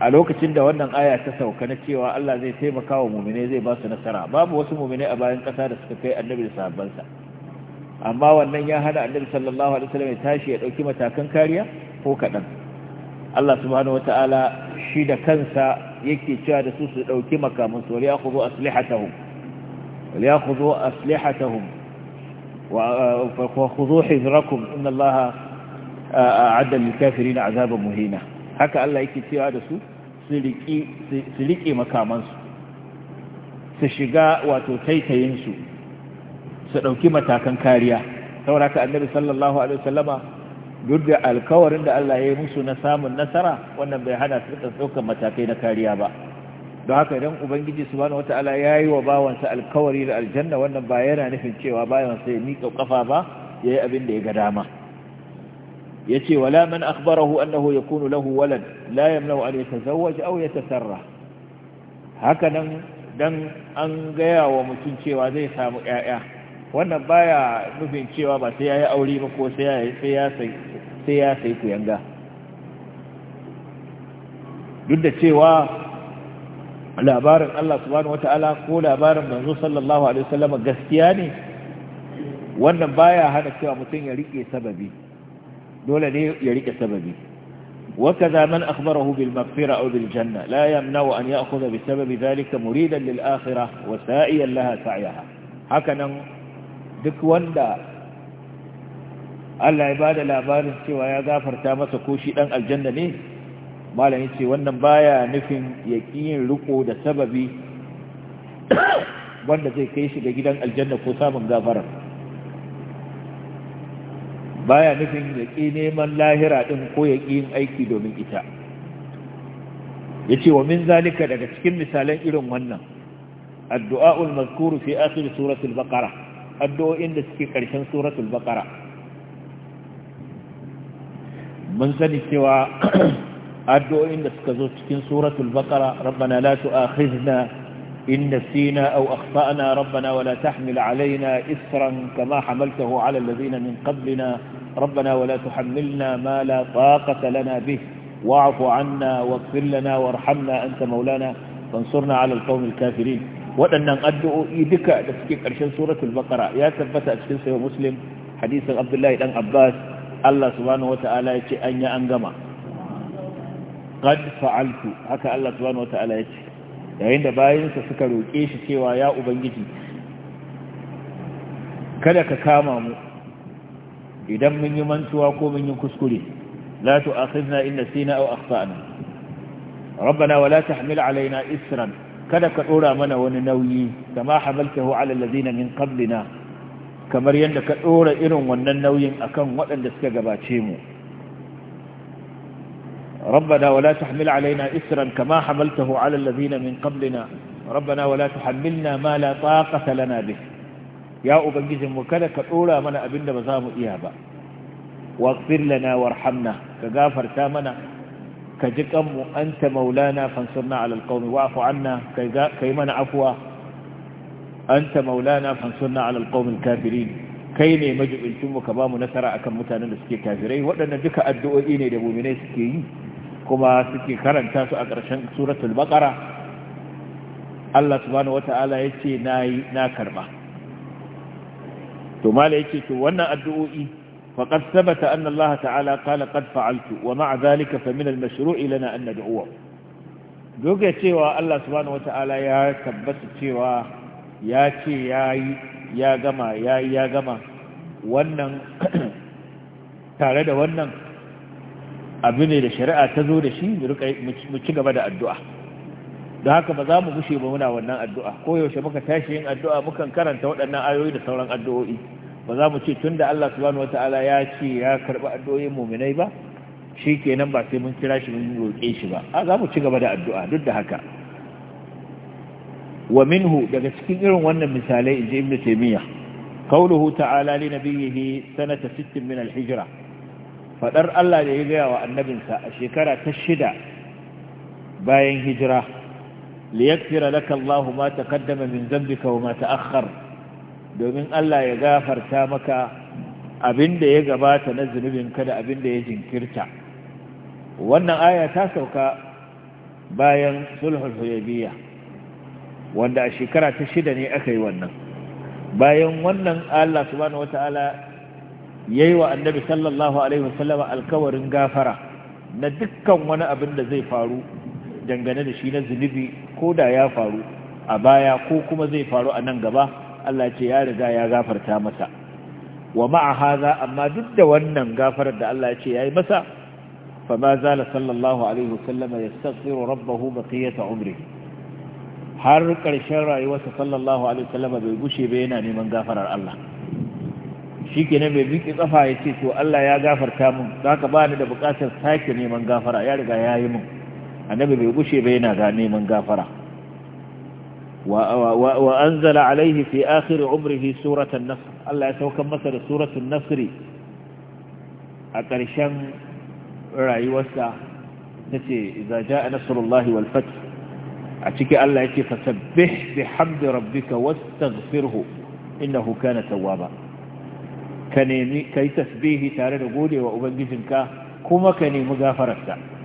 Speaker 1: a lokacin da wannan aya ta sauka na cewa Allah zai taimaka wa muminai zai ba su nasara babu wasu muminai a bayan kasa da suka kai annabi da sahabbansa amma wannan ya hana annabi sallallahu alaihi wasallam ya tashi ya dauki matakan kariya ko kadan Allah subhanahu wataala shi da kansa yake cewa da su su dauki makaman su ya khudu aslihatahum ya khudu aslihatahum wa khudu hizrakum inna Allaha a'adda lil kafirin azaban muhina haka Allah yake cewa da su su riki su makaman su shiga wato taitayin su su matakan kariya saboda ka annabi sallallahu alaihi wasallama duk da alkawarin da Allah ya yi musu na samun nasara wannan bai hana su ɗaukar matakai na kariya ba don haka idan ubangiji subhanahu wataala ya yi wa bawansa alkawari da aljanna wannan ba yana nufin cewa sai ya miƙa kafa ba ya yi abin da ya ga dama yace wala man akhbarahu annahu yakunu lahu walad la yamna'u an yatazawwaj aw yatasarra haka nan dan an gaya wa mutum cewa zai samu ƴaƴa wannan baya nufin cewa ba sai yayi aure ba ko sai yayi sai ya sai sai ya sai kuyanga duk da cewa labarin Allah subhanahu wataala ko labarin manzo sallallahu alaihi wasallam gaskiya ne wannan baya hana cewa mutum ya rike sababi dole ne ya rike sababi وكذا من janna بالمغفرة أو an لا يمنع أن يأخذ بسبب ذلك مريدا للآخرة وسائيا لها سعيها hakanan duk wanda Allah ya ba da labarin cewa ya gafarta masa ko shi aljanna ne malami ce wannan baya nufin ya yin riko da sababi wanda zai kai shi ga gidan aljanna ko samun gafarar baya nufin ya ƙi neman lahira ɗin ko ya ƙi aiki domin ita ya ce wa min zalika daga cikin misalan irin wannan addu'a'ul mazkuru fi akhir suratul addu'o'in da suke ƙarshen suratul baqara mun sani cewa addu'o'in da suka zo cikin suratul baqara rabbana la tu'akhizna إن نسينا أو أخطأنا ربنا ولا تحمل علينا إسرا كما حملته على الذين من ربنا ولا تحملنا ما لا طاقة لنا به واعف عنا واغفر لنا وارحمنا أنت مولانا فانصرنا على القوم الكافرين waɗannan addu'o'i duka da suke ƙarshen suratul baqara ya tabbata a cikin sahih muslim hadisin abdullahi dan abbas Allah subhanahu wata'ala ya ce an an gama qad fa'altu haka Allah subhanahu wata'ala ya ce yayin da bayinsa suka roke shi cewa ya ubangiji kada ka kama mu idan mun yi mantuwa ko mun yi kuskure la tu'akhidna in nasina aw akhtana rabbana wala tahmil alaina isran kada ka dora mana wani nauyi kama hamaltahu ala alladhina min qablina kamar yanda ka dora irin wannan nauyin akan waɗanda suka gabace mu ربنا ولا تحمل علينا إسرا كما حملته على الذين من قبلنا ربنا ولا تحملنا ما لا طاقة لنا به ya ubangijinmu kada ka ɗora mana abin da ba za mu iya ba waghfir lana warhamna ka gafarta mana ka ji kanmu ta maulana fansurna ala alqawmi wa'fu ka yi mana An anta maulana fansurna ala alqawmi kai ne majibincin mu ka mu nasara akan mutanen da suke kafirai waɗannan duka addu'o'i ne da mu'minai suke yi kuma suke karanta su a ƙarshen suratul baqara Allah subhanahu wata'ala yace nayi na karɓa to mala yake to wannan addu'o'i faqad sabata anna Allah ta'ala qala qad fa'altu wa ma'a dhalika fa min al-mashru'i lana an nad'uwa cewa Allah subhanahu wata'ala ya tabbata cewa ya ce yayi ya gama yayi ya gama wannan tare da wannan abu ne da shari'a ta zo da shi mu ci gaba da addu'a da haka ba za mu bushe ba muna wannan addu'a ko yaushe muka tashi yin addu'a mukan karanta waɗannan ayoyi da sauran addu'o'i ba za mu ce tunda Allah subhanahu wataala ya ce ya karɓi addu'o'in muminai ba shi kenan ba sai mun kira shi mun roƙe shi ba a za mu ci gaba da addu'a duk da haka wa minhu daga cikin irin wannan misalai inji ibnu taymiya qawluhu ta'ala li nabiyhi sanata 60 min al-hijra fadar Allah da ya gaya wa annabinsa a shekara ta shida bayan hijira liyaghfira laka Allah ma taqaddama min dhanbika wa ma ta'akhkhar domin Allah ya gafarta maka abinda ya gabata na zunubinka da abinda ya jinkirta wannan aya ta sauka bayan sulhul hudaybiyah wanda a shekara ta shida ne aka yi wannan bayan wannan Allah subhanahu wataala yayi wa annabi sallallahu alaihi wasallama alkawarin gafara na dukkan wani abin da zai faru dangane da shi na zunubi ko da ya faru a baya ko kuma zai faru a nan gaba Allah ce ya riga ya gafarta masa wa ma'a haza amma duk da wannan gafarar da Allah ce ya yi masa fa ma zala sallallahu alaihi wasallam yastaghfiru rabbahu baqiyata umrihi har ƙarshen rayuwarsa sallallahu alaihi wasallam bai gushe ba yana neman gafarar Allah shi kenan bai biki tsafa ya ce to Allah ya gafarta mun za ka da buƙatar sake neman gafara ya riga ya yi mun annabi bai gushe ba yana ga neman gafara wa anzala alaihi fi akhir umrihi suratan nasr Allah ya saukan masa da suratun nasri a ƙarshen rayuwarsa ce idza jaa nasrullahi wal walfat a ciki Allah yake fasabbih bihamdi rabbika wastaghfirhu innahu kana tawwaba ka nemi kai tasbihi tare da godewa ubangijinka kuma ka nemi gafararsa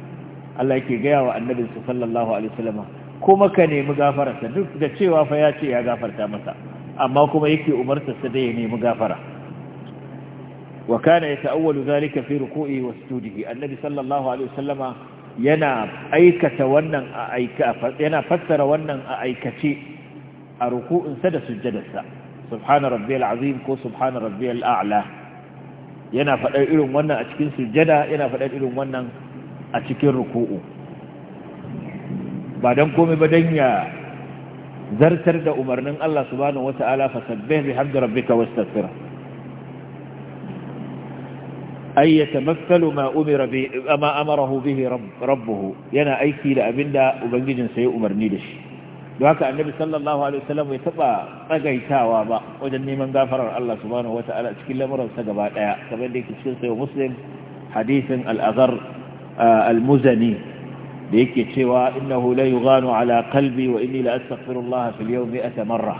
Speaker 1: Allah yake gaya wa su sallallahu alaihi wasallam kuma ka nemi gafararsa duk da cewa fa ya ce ya gafarta masa amma kuma yake umartarsa da ya nemi gafara wa kana yata'awwalu zalika fi ruku'i wa sujudihi annabi sallallahu alaihi wasallam yana aikata wannan a aika yana fassara wannan a aikace a ruku'insa da sujjadarsa subhana rabbiyal azim ko subhana rabbiyal a'la yana faɗar irin wannan a cikin sujjada yana faɗar irin wannan a cikin ruku'u ba don komai ba don ya zartar da umarnin Allah subhanahu wata'ala fa sabbih bihamdi rabbika wastaghfir ay yatamathalu ma umira bi ma amarahu bihi rabbuhu yana aiki da abinda ubangijin sa ya umarni da shi da haka annabi sallallahu alaihi wasallam bai taba tsagaitawa ba wajen neman gafarar Allah subhanahu wata'ala cikin lamuransa gaba daya kamar da yake cikin sayo muslim hadisin al-azhar al-muzani da yake cewa innahu la yughanu ala qalbi wa inni la astaghfirullah fil yawmi atamarra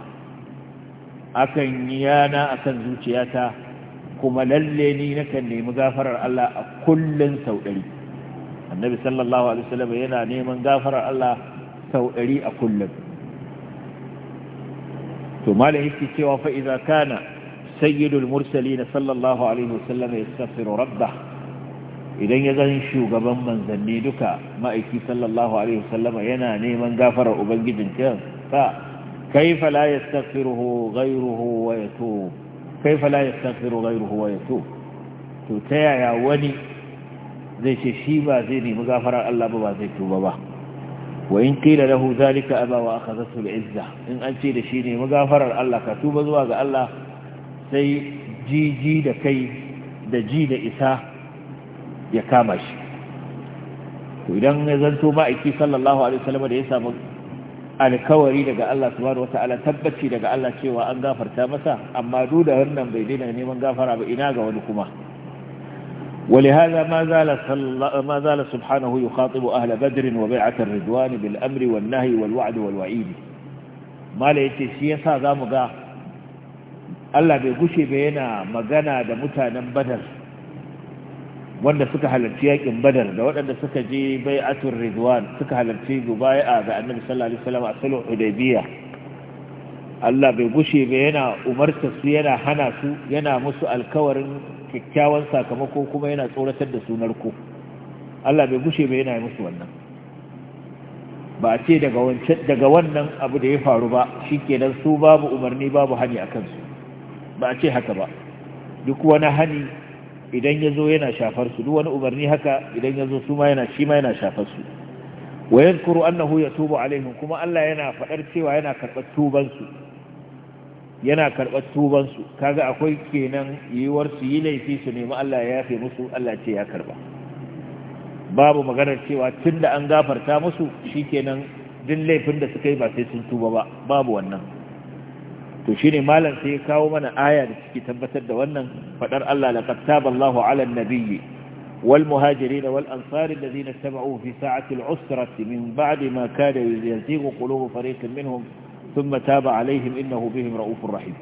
Speaker 1: akan yana akan zuciyata kuma lalle ni nakan nemi gafarar Allah a kullun sau ɗari annabi sallallahu alaihi wasallam yana neman gafarar Allah sau ɗari a kullun to malai yake cewa fa idza kana sayyidul mursalin sallallahu alaihi wasallam yastaghfiru rabbah idan ya zan shugaban manzanni duka ma'aiki sallallahu alaihi wasallama yana neman gafarar ubangijin ka kaifa la yastaghfiruhu ghayruhu wa yatub kaifa la yastaghfiru ghayruhu wa yatub to ta yaya wani zai ce shi ba zai nemi gafarar Allah ba zai tuba ba wa in qila lahu zalika aba wa akhadhathu al-izza in an ce da shi nemi gafarar Allah ka tuba zuwa ga Allah sai jiji da kai da ji da isa ya kama shi to idan ya zanto ma'aiki sallallahu alaihi wasallam da ya samu alkawari daga Allah subhanahu wata'ala tabbaci daga Allah cewa an gafarta masa amma duda da bai daina neman gafara ba ina ga wani kuma ولهذا ما زال ما زال سبحانه يخاطب أهل بدر وبيعة الرضوان بالأمر والنهي والوعد والوعيد ما ليتي سياسة ذا مغا الله بيقشي بينا مغانا دا متانا بدر wanda suka halarci yakin badar da waɗanda suka je bai atur ridwan suka halarci a ga annabi sallallahu alaihi wasallam a salon hudaybiya Allah bai gushe ba yana umarta su yana hana su yana musu alkawarin kyakkyawan sakamako kuma yana tsoratar da sunar ku Allah bai gushe ba yana musu wannan ba a ce daga wancan daga wannan abu da ya faru ba shikenan su babu umarni babu hani akan su ba a ce haka ba duk wani hani idan ya zo yana shafar su duk wani umarni haka idan ya zo su ma yana shi ma yana shafar su wa yadkuru annahu yatubu alaihim kuma Allah yana faɗar cewa yana karbar tuban su yana karbar tuban su kaga akwai kenan yiwuwar su yi laifi su nemi Allah ya yafe musu Allah ce ya karba babu maganar cewa tunda an gafarta musu shikenan duk laifin da suka yi ba sai sun tuba ba babu wannan to shine malam sai ya kawo mana aya da take tabbatar da wannan fadar Allah laqad Allahu 'ala an-nabiyyi wal muhajirin wal ansari alladhina tabauhu fi sa'ati al-'usrati min ba'di ma kada yazighu qulubu fariqin minhum thumma taba 'alayhim innahu bihim ra'ufur rahim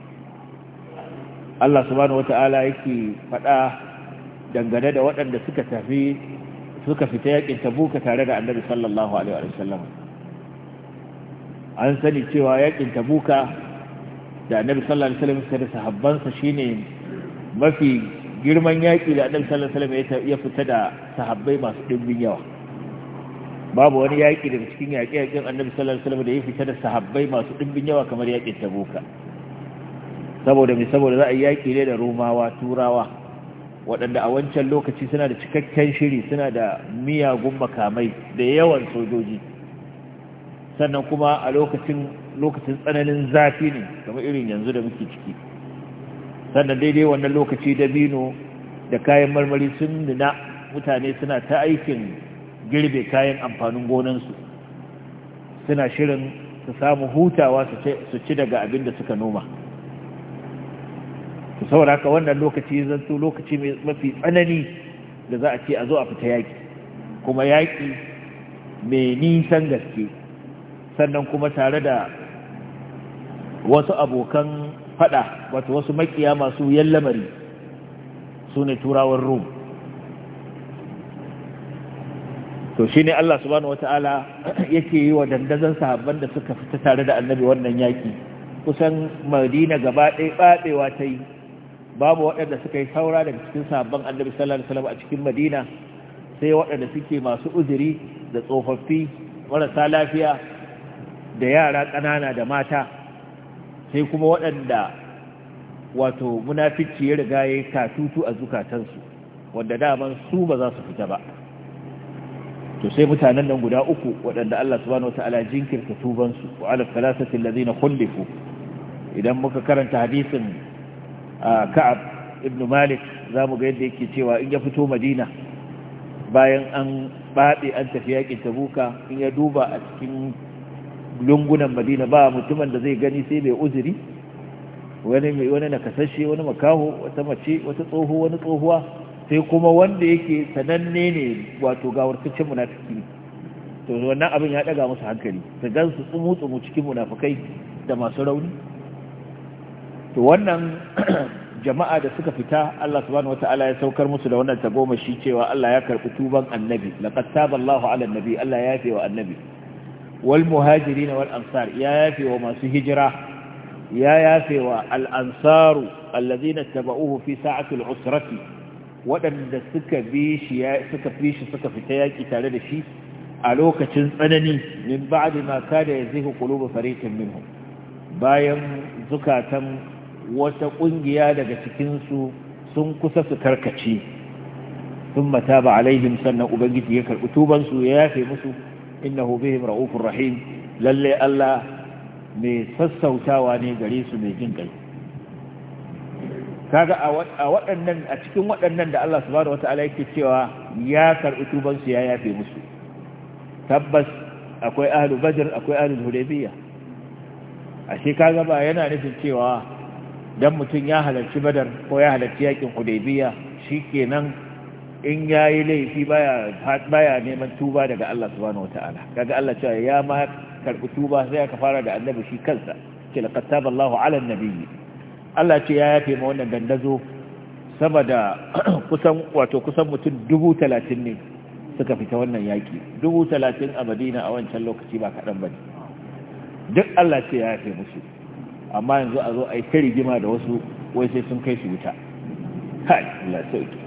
Speaker 1: Allah subhanahu wata'ala yake fada dangane da waɗanda suka tafi suka fita yakin tabuka tare da annabi sallallahu alaihi wa sallam an sani cewa yakin tabuka da annabi sallallahu alaihi wasallam da sahabbansa shine mafi girman yaƙi da annabi sallallahu alaihi wasallam ya fita da sahabbai masu dimbin yawa babu wani yaƙi daga cikin yaki yaƙen annabi sallallahu alaihi wasallam da ya fita da sahabbai masu dimbin yawa kamar yaƙin tabuka saboda mai saboda za a yi yaƙi ne da romawa turawa waɗanda a wancan lokaci suna da cikakken shiri suna da miyagun makamai da yawan sojoji sannan kuma a lokacin lokacin tsananin zafi ne kamar irin yanzu da muke ciki sannan daidai wannan lokaci dabino da kayan marmari sun nuna mutane suna ta aikin girbe kayan amfanin gonansu suna shirin su samu hutawa su ci daga abin da suka noma su sauraka haka wannan lokaci zanto lokaci mafi tsanani da za a ce a zo a fita yaƙi kuma yaƙi mai nisan gaske sannan kuma tare da wasu abokan fada wato wasu makiya masu yallamari su ne turawan rum to shi ne Allah subhanahu ta'ala yake yi wa dandazon sahabban da suka fita tare da annabi wannan yaki kusan madina gaba ɗaya ɓaɓewa ta yi babu waɗanda suka yi saura daga cikin sahabban annabi sallallahu alaihi wasallam a cikin madina sai waɗanda suke masu uzuri da tsofaffi marasa lafiya da yara ƙanana da mata sai kuma waɗanda wato munafici ya riga ya yi katutu a zukatansu wanda daman su ba za su fita ba to sai mutanen nan guda uku waɗanda Allah subhanahu wata'ala jinkirta tubansu wa ala na allazina khulifu idan muka karanta hadisin Ka'ab ibn Malik zamu ga yadda yake cewa in ya fito Madina bayan an baɗe an tafi yakin Tabuka in ya duba a cikin lungunan madina ba mutumin da zai gani sai mai uzuri wani nakasasshe wani nakasashe wani makaho wata mace wata tsoho wani tsohuwa sai kuma wanda yake sananne ne wato gawartaccen munafiki to wannan abin ya daga musu hankali su gan su tsumu cikin munafikai da masu rauni to wannan jama'a da suka fita Allah subhanahu wata'ala ya saukar musu da wannan tagomashi cewa Allah ya karbi tuban annabi laqad taba 'ala annabi Allah ya yafe wa annabi wal muhajiri muhajirin wal ansar ya yafe wa masu hijira ya yafe wa al ansaru allazina tabauhu fi sa'ati al usrati waɗanda suka bi shi suka fi shi suka fita yaki tare da shi a lokacin tsanani min ba'di ma kada yazihu qulubu fariqin minhum bayan zukatan wata ƙungiya daga cikinsu sun kusa su karkaci. sun ba alaihim sannan ubangiji ya karɓi tubansu ya yafe musu Inna bihim ra'ufur rahim lalle Allah mai sassautawa ne gare su mai jin kai kaga a waɗannan a cikin waɗannan da Allah subhanahu wata'ala yake cewa ya karɓi tubansu ya yafe musu tabbas akwai ahlul badr akwai ahlul hudaybiya ashe kaga ba yana nufin cewa dan mutum ya halarci badar ko ya halarci yakin hudaybiya shikenan in ya yi laifi ba ya neman tuba daga Allah subhanahu wata'ala kaga Allah cewa ya ma karɓi tuba sai aka fara da annabi shi kansa ke da taba Allahu 'ala an Allah ce ya yafe ma wannan gandazo sama da kusan wato kusan mutum dubu talatin ne suka fita wannan yaƙi dubu talatin a Madina a wancan lokaci ba kaɗan ba ne duk Allah ce ya yafe musu amma yanzu a zo a yi ta rigima da wasu wai sai sun kai su wuta kai Allah sauki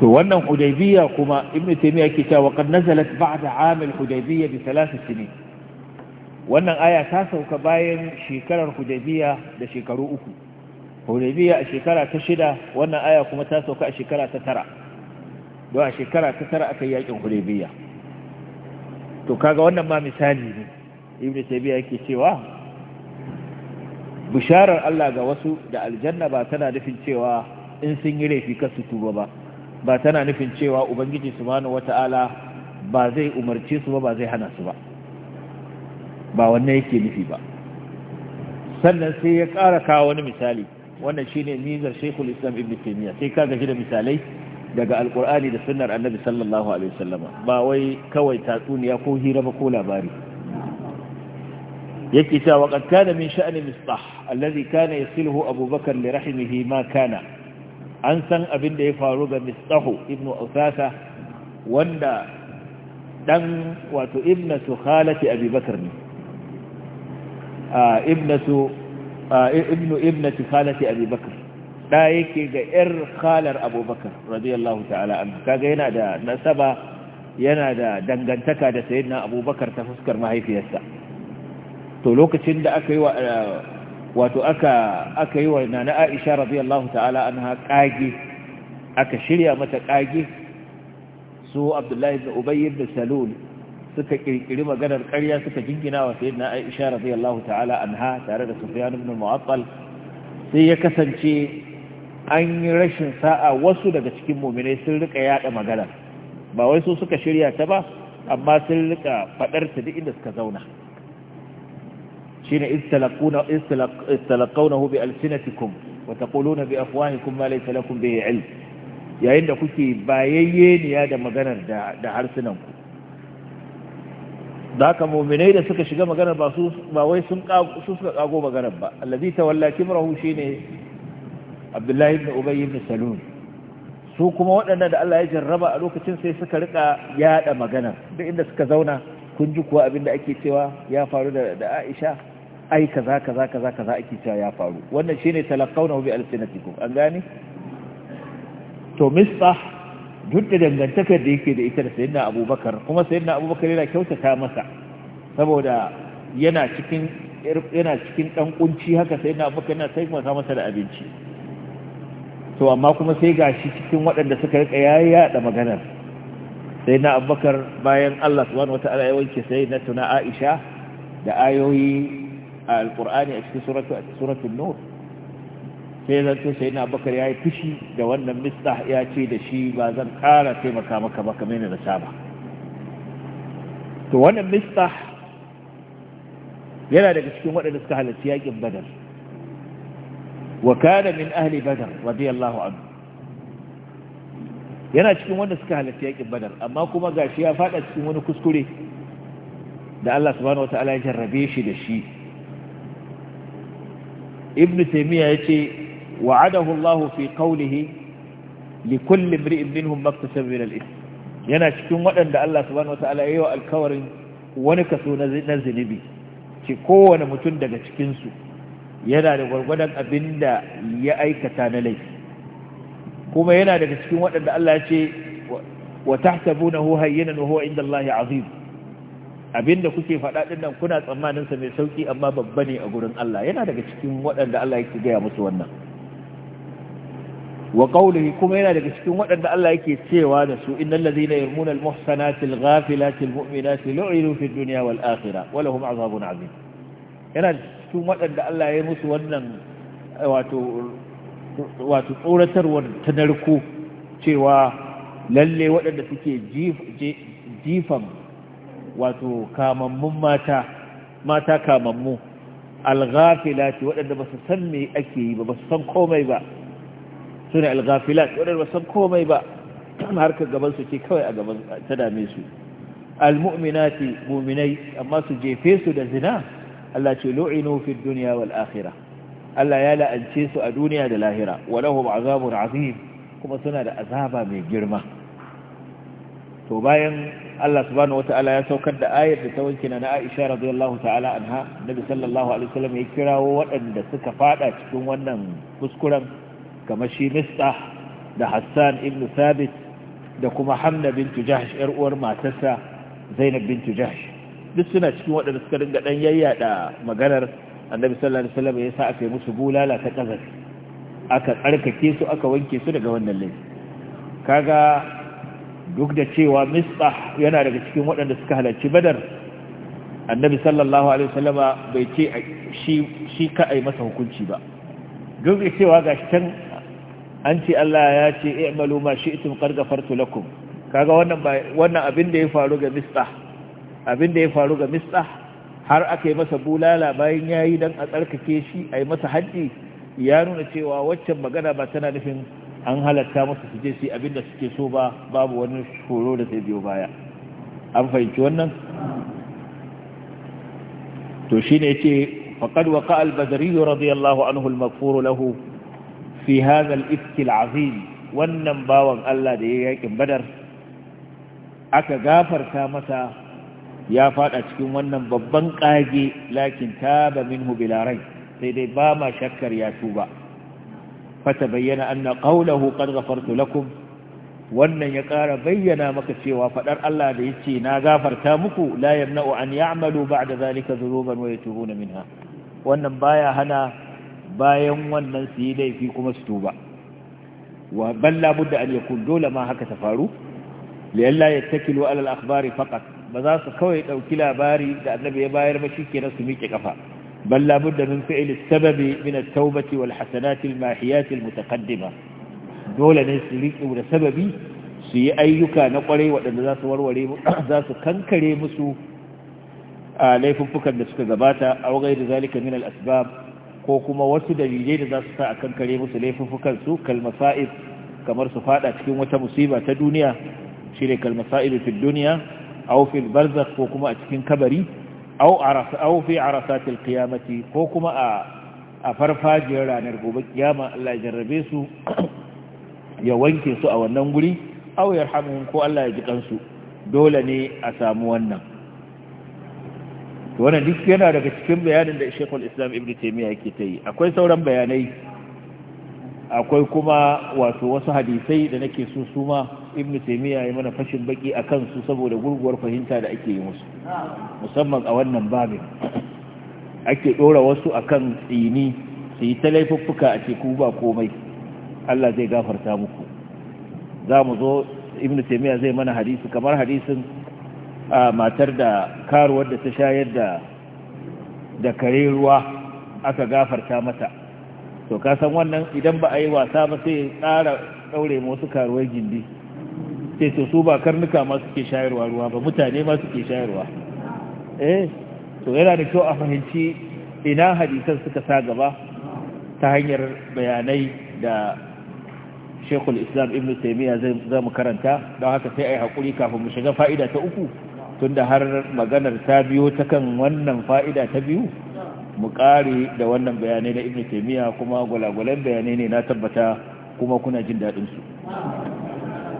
Speaker 1: to wannan hudaybiya kuma ibnu taymiya yake cewa qad nazalat ba'da am al-hudaybiya bi thalath sinin wannan aya ta sauka bayan shekarar hudaybiya da shekaru uku hudaybiya a shekara ta shida wannan aya kuma ta sauka a shekara ta tara don a shekara ta tara aka yi yakin hudaybiya to kaga wannan ma misali ne ibnu taymiya yake cewa bisharar Allah ga wasu da aljanna ba tana nufin cewa in sun yi laifi kan su tuba ba ba tana nufin cewa ubangiji subhanahu wata'ala ba zai umarce su ba ba zai hana su ba ba wannan yake nufi ba sannan sai ya ƙara kawo wani misali wannan shine mizar shekul Islam Ibn Taymiyyah sai kaga shi da misalai daga alkur'ani da sunnar annabi sallallahu alaihi wasallama ba wai kawai tatsuniya ko hira ba ko labari yake cewa waqad kana min sha'ni mistah alladhi kana yasiluhu abubakar li rahimihi ma kana an san abin da ya faru ga mistahu ibnu usasa wanda dan wato ibnatu khalati abubakar ne a ibnatu ibnu ibnati khalati abubakar da yake ga yar khalar abubakar radiyallahu ta'ala an kaga yana da nasaba yana da dangantaka da sayyidina abubakar ta fuskar mahaifiyarsa to lokacin da aka yi wa eh, wato aka yi wa nana Aisha radiyallahu ta'ala anha kage aka shirya mata kage su Abdullahi ibn Ubay ibn Salul suka kirkiri maganar karya suka jingina wa sayyidina Aisha radiyallahu ta'ala anha tare da Sufyan ibn Mu'attal sai ya kasance an yi rashin sa'a wasu daga cikin mu'minai sun rika yada magana ba wai su suka shirya ta ba amma sun rika fadar ta duk inda suka zauna shine istalaquna istalaqawnahu bi alsinatikum wa taquluna bi afwahikum ma laysa lakum bihi ilm yayin da kuke bayayye da maganar da harsunanku harsunan ku da mu'minai da suka shiga maganar ba wai sun su kago maganar ba allazi tawalla kibrahu shine abdullahi ibn ubay ibn salul su kuma waɗanda da Allah ya jarraba a lokacin sai suka rika yaɗa maganar duk inda suka zauna kun ji kuwa abin da ake cewa ya faru da Aisha ai kaza kaza kaza kaza ake cewa ya faru wannan shine talaqawna bi alsinatikum an gane to misbah duk da dangantakar da yake da ita da sayyidina abubakar kuma sayyidina abubakar yana kyautata masa saboda yana cikin yana cikin dan kunci haka sayyidina abubakar yana sai masa masa da abinci to amma kuma sai gashi cikin waɗanda suka rika yayya da maganar sayyidina abubakar bayan Allah subhanahu wataala ya wanke sayyidina tuna Aisha da ayoyi a alkur'ani a cikin suratun nur sai zan to sai na bakar ya yi fushi da wannan mistah ya ce da shi ba zan ƙara taimaka maka ba kamar na saba to wannan mistah yana daga cikin waɗanda suka halarci yaƙin badar wa kana min ahli badar radiyallahu anhu yana cikin wanda suka halarci yaƙin badar amma kuma gashi ya faɗa cikin wani kuskure da Allah subhanahu wataala ya jarrabe shi da shi ibn taymiya yace wa'adahu Allah fi qawlihi li kulli imri'in minhum maktasab min al-ithm yana cikin waɗanda Allah subhanahu wataala yayi wa alkawarin wani kaso na zinubi ce kowane mutum daga cikin su yana da gwargwadon abinda ya aikata na laifi kuma yana daga cikin waɗanda Allah ya ce wa tahsabunahu hayyinan wa huwa inda Allah azim abinda kuke faɗa ɗin nan kuna tsammanin sa mai sauƙi amma babba ne a gurin Allah yana daga cikin waɗanda Allah yake gaya musu wannan wa qawlihi kuma yana daga cikin waɗanda Allah yake cewa da su innal ladhina yarmuna al muhsanati al ghafilati al mu'minati lu'inu fid dunya wal akhirah wa lahum azabun azim yana cikin waɗanda Allah ya musu wannan wato wato tsoratarwar ta narko cewa lalle waɗanda suke jifan wato kamammun mata mata kamammu alghafilati waɗanda ba su san me ake yi ba ba su san komai ba su ne waɗanda ba su san komai ba harkar gaban su ce kawai a gaban ta dame su almu'minati mu'minai amma su jefe su da zina Allah ce lu'inu fi dunya wal akhirah Allah ya la'ance su a duniya da lahira wa lahum azabun azim kuma suna da azaba mai girma to bayan Allah subhanahu wata'ala ya saukar da ayar da ta wanke na Aisha radiyallahu ta'ala anha Nabi sallallahu alaihi wasallam ya kirawo waɗanda suka fada cikin wannan kuskuren kamar shi Mistah da Hassan ibn Thabit da kuma Hamna bintu Jahsh ƴar uwar matarsa Zainab bintu Jahsh duk suna cikin waɗanda suka dinga dan yayyada maganar Annabi sallallahu alaihi wasallam ya sa aka yi musu bulala ta kazafi aka tsarkake su aka wanke su daga wannan laifi kaga duk da cewa misba yana daga cikin waɗanda suka halarci badar annabi sallallahu alaihi wasallama bai ce shi shi ka ai masa hukunci ba duk da cewa gashi can an ce Allah ya ce i'malu ma shi'tum qad ghafartu lakum kaga wannan wannan abin da ya faru ga misba abin da ya faru ga misba har aka yi masa bulala bayan yayi dan a tsarkake shi yi masa haddi ya nuna cewa waccan magana ba tana nufin an halatta musu su je su yi abin da suke so ba babu wani horo da zai biyo baya an fahimci wannan to ne yace faqad waqa al-badri radiyallahu anhu al-maghfur lahu fi hadha al azim wannan bawan Allah da yi yakin badar aka gafarta masa ya fada cikin wannan babban ƙage lakin taba minhu bila rai sai dai ba ma shakkar ya tuba فتبين أن قوله قد غفرت لكم wannan ya ƙara bayyana maka cewa faɗar Allah da ya ce na gafarta muku la yamna'u an ya'malu ka zalika dhunuban wa yatubuna minha wannan baya hana bayan wannan su yi laifi kuma su tuba wa bal la dole ma haka ta faru li alla yattakilu ala al akhbari faqat ba za su kawai dauki labari da annabi ya bayar ba shikenan su miƙe kafa بل لا بد من فعل السبب من التوبة والحسنات الماحيات المتقدمة دولة نسلك أولى سببي سي أيكا نقري وأن ذات ورولي ذات كنكري مسو laifuffukan da suka gabata a wagai da zalika min al'asbab ko kuma wasu dalilai da za su sa a kankare musu laifuffukan su kamar su fada cikin wata musiba ta duniya shi ne kalmasa'id fi duniya a wufin barzak ko kuma a cikin kabari au arasa au fi arasatil qiyamati ko kuma a a farfajiyar ranar gobe kiyama Allah ya jarrabe su ya wanke su a wannan guri au yarhamuhum ko Allah ya ji kansu dole ne a samu wannan wannan duk yana daga cikin bayanin da Sheikhul Islam Ibn Taymiyyah yake tayi akwai sauran bayanai akwai kuma wato wasu hadisai da nake so su ma ibn taymiya ya mana fashin baki a kansu saboda gurguwar fahimta da ake yi musu musamman a wannan babin ake dora wasu akan tsini su yi ta laifuffuka a ce ku ba komai Allah zai gafarta muku za mu zo ibn taymiya zai mana hadisi kamar hadisin matar da karuwar da ta shayar da da kare ruwa aka gafarta mata to ka san wannan idan ba a yi wasa ba sai tsara daure mu wasu karuwar gindi sai to su ba karnuka ma suke shayarwa ruwa ba mutane ma suke shayarwa eh to yana da kyau a fahimci ina hadisan suka sa gaba ta hanyar bayanai da shekul islam ibn taimiyya zai mu karanta don haka sai a yi haƙuri kafin mu shiga fa'ida ta uku tunda har maganar ta biyo ta kan wannan fa'ida ta biyu mu ƙare da wannan bayanai na ibn taimiyya kuma gwalagwalan bayanai ne na tabbata kuma kuna jin daɗinsu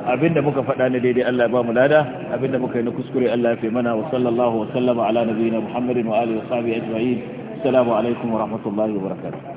Speaker 1: abinda muka faɗa ne daidai Allah ya ba mu lada abinda muka yi na kuskure Allah ya fi mana wa sallallahu wa sallama ala nabiyina Muhammadin wa alihi wa sahbihi ajma'in assalamu alaikum wa rahmatullahi wa barakatuh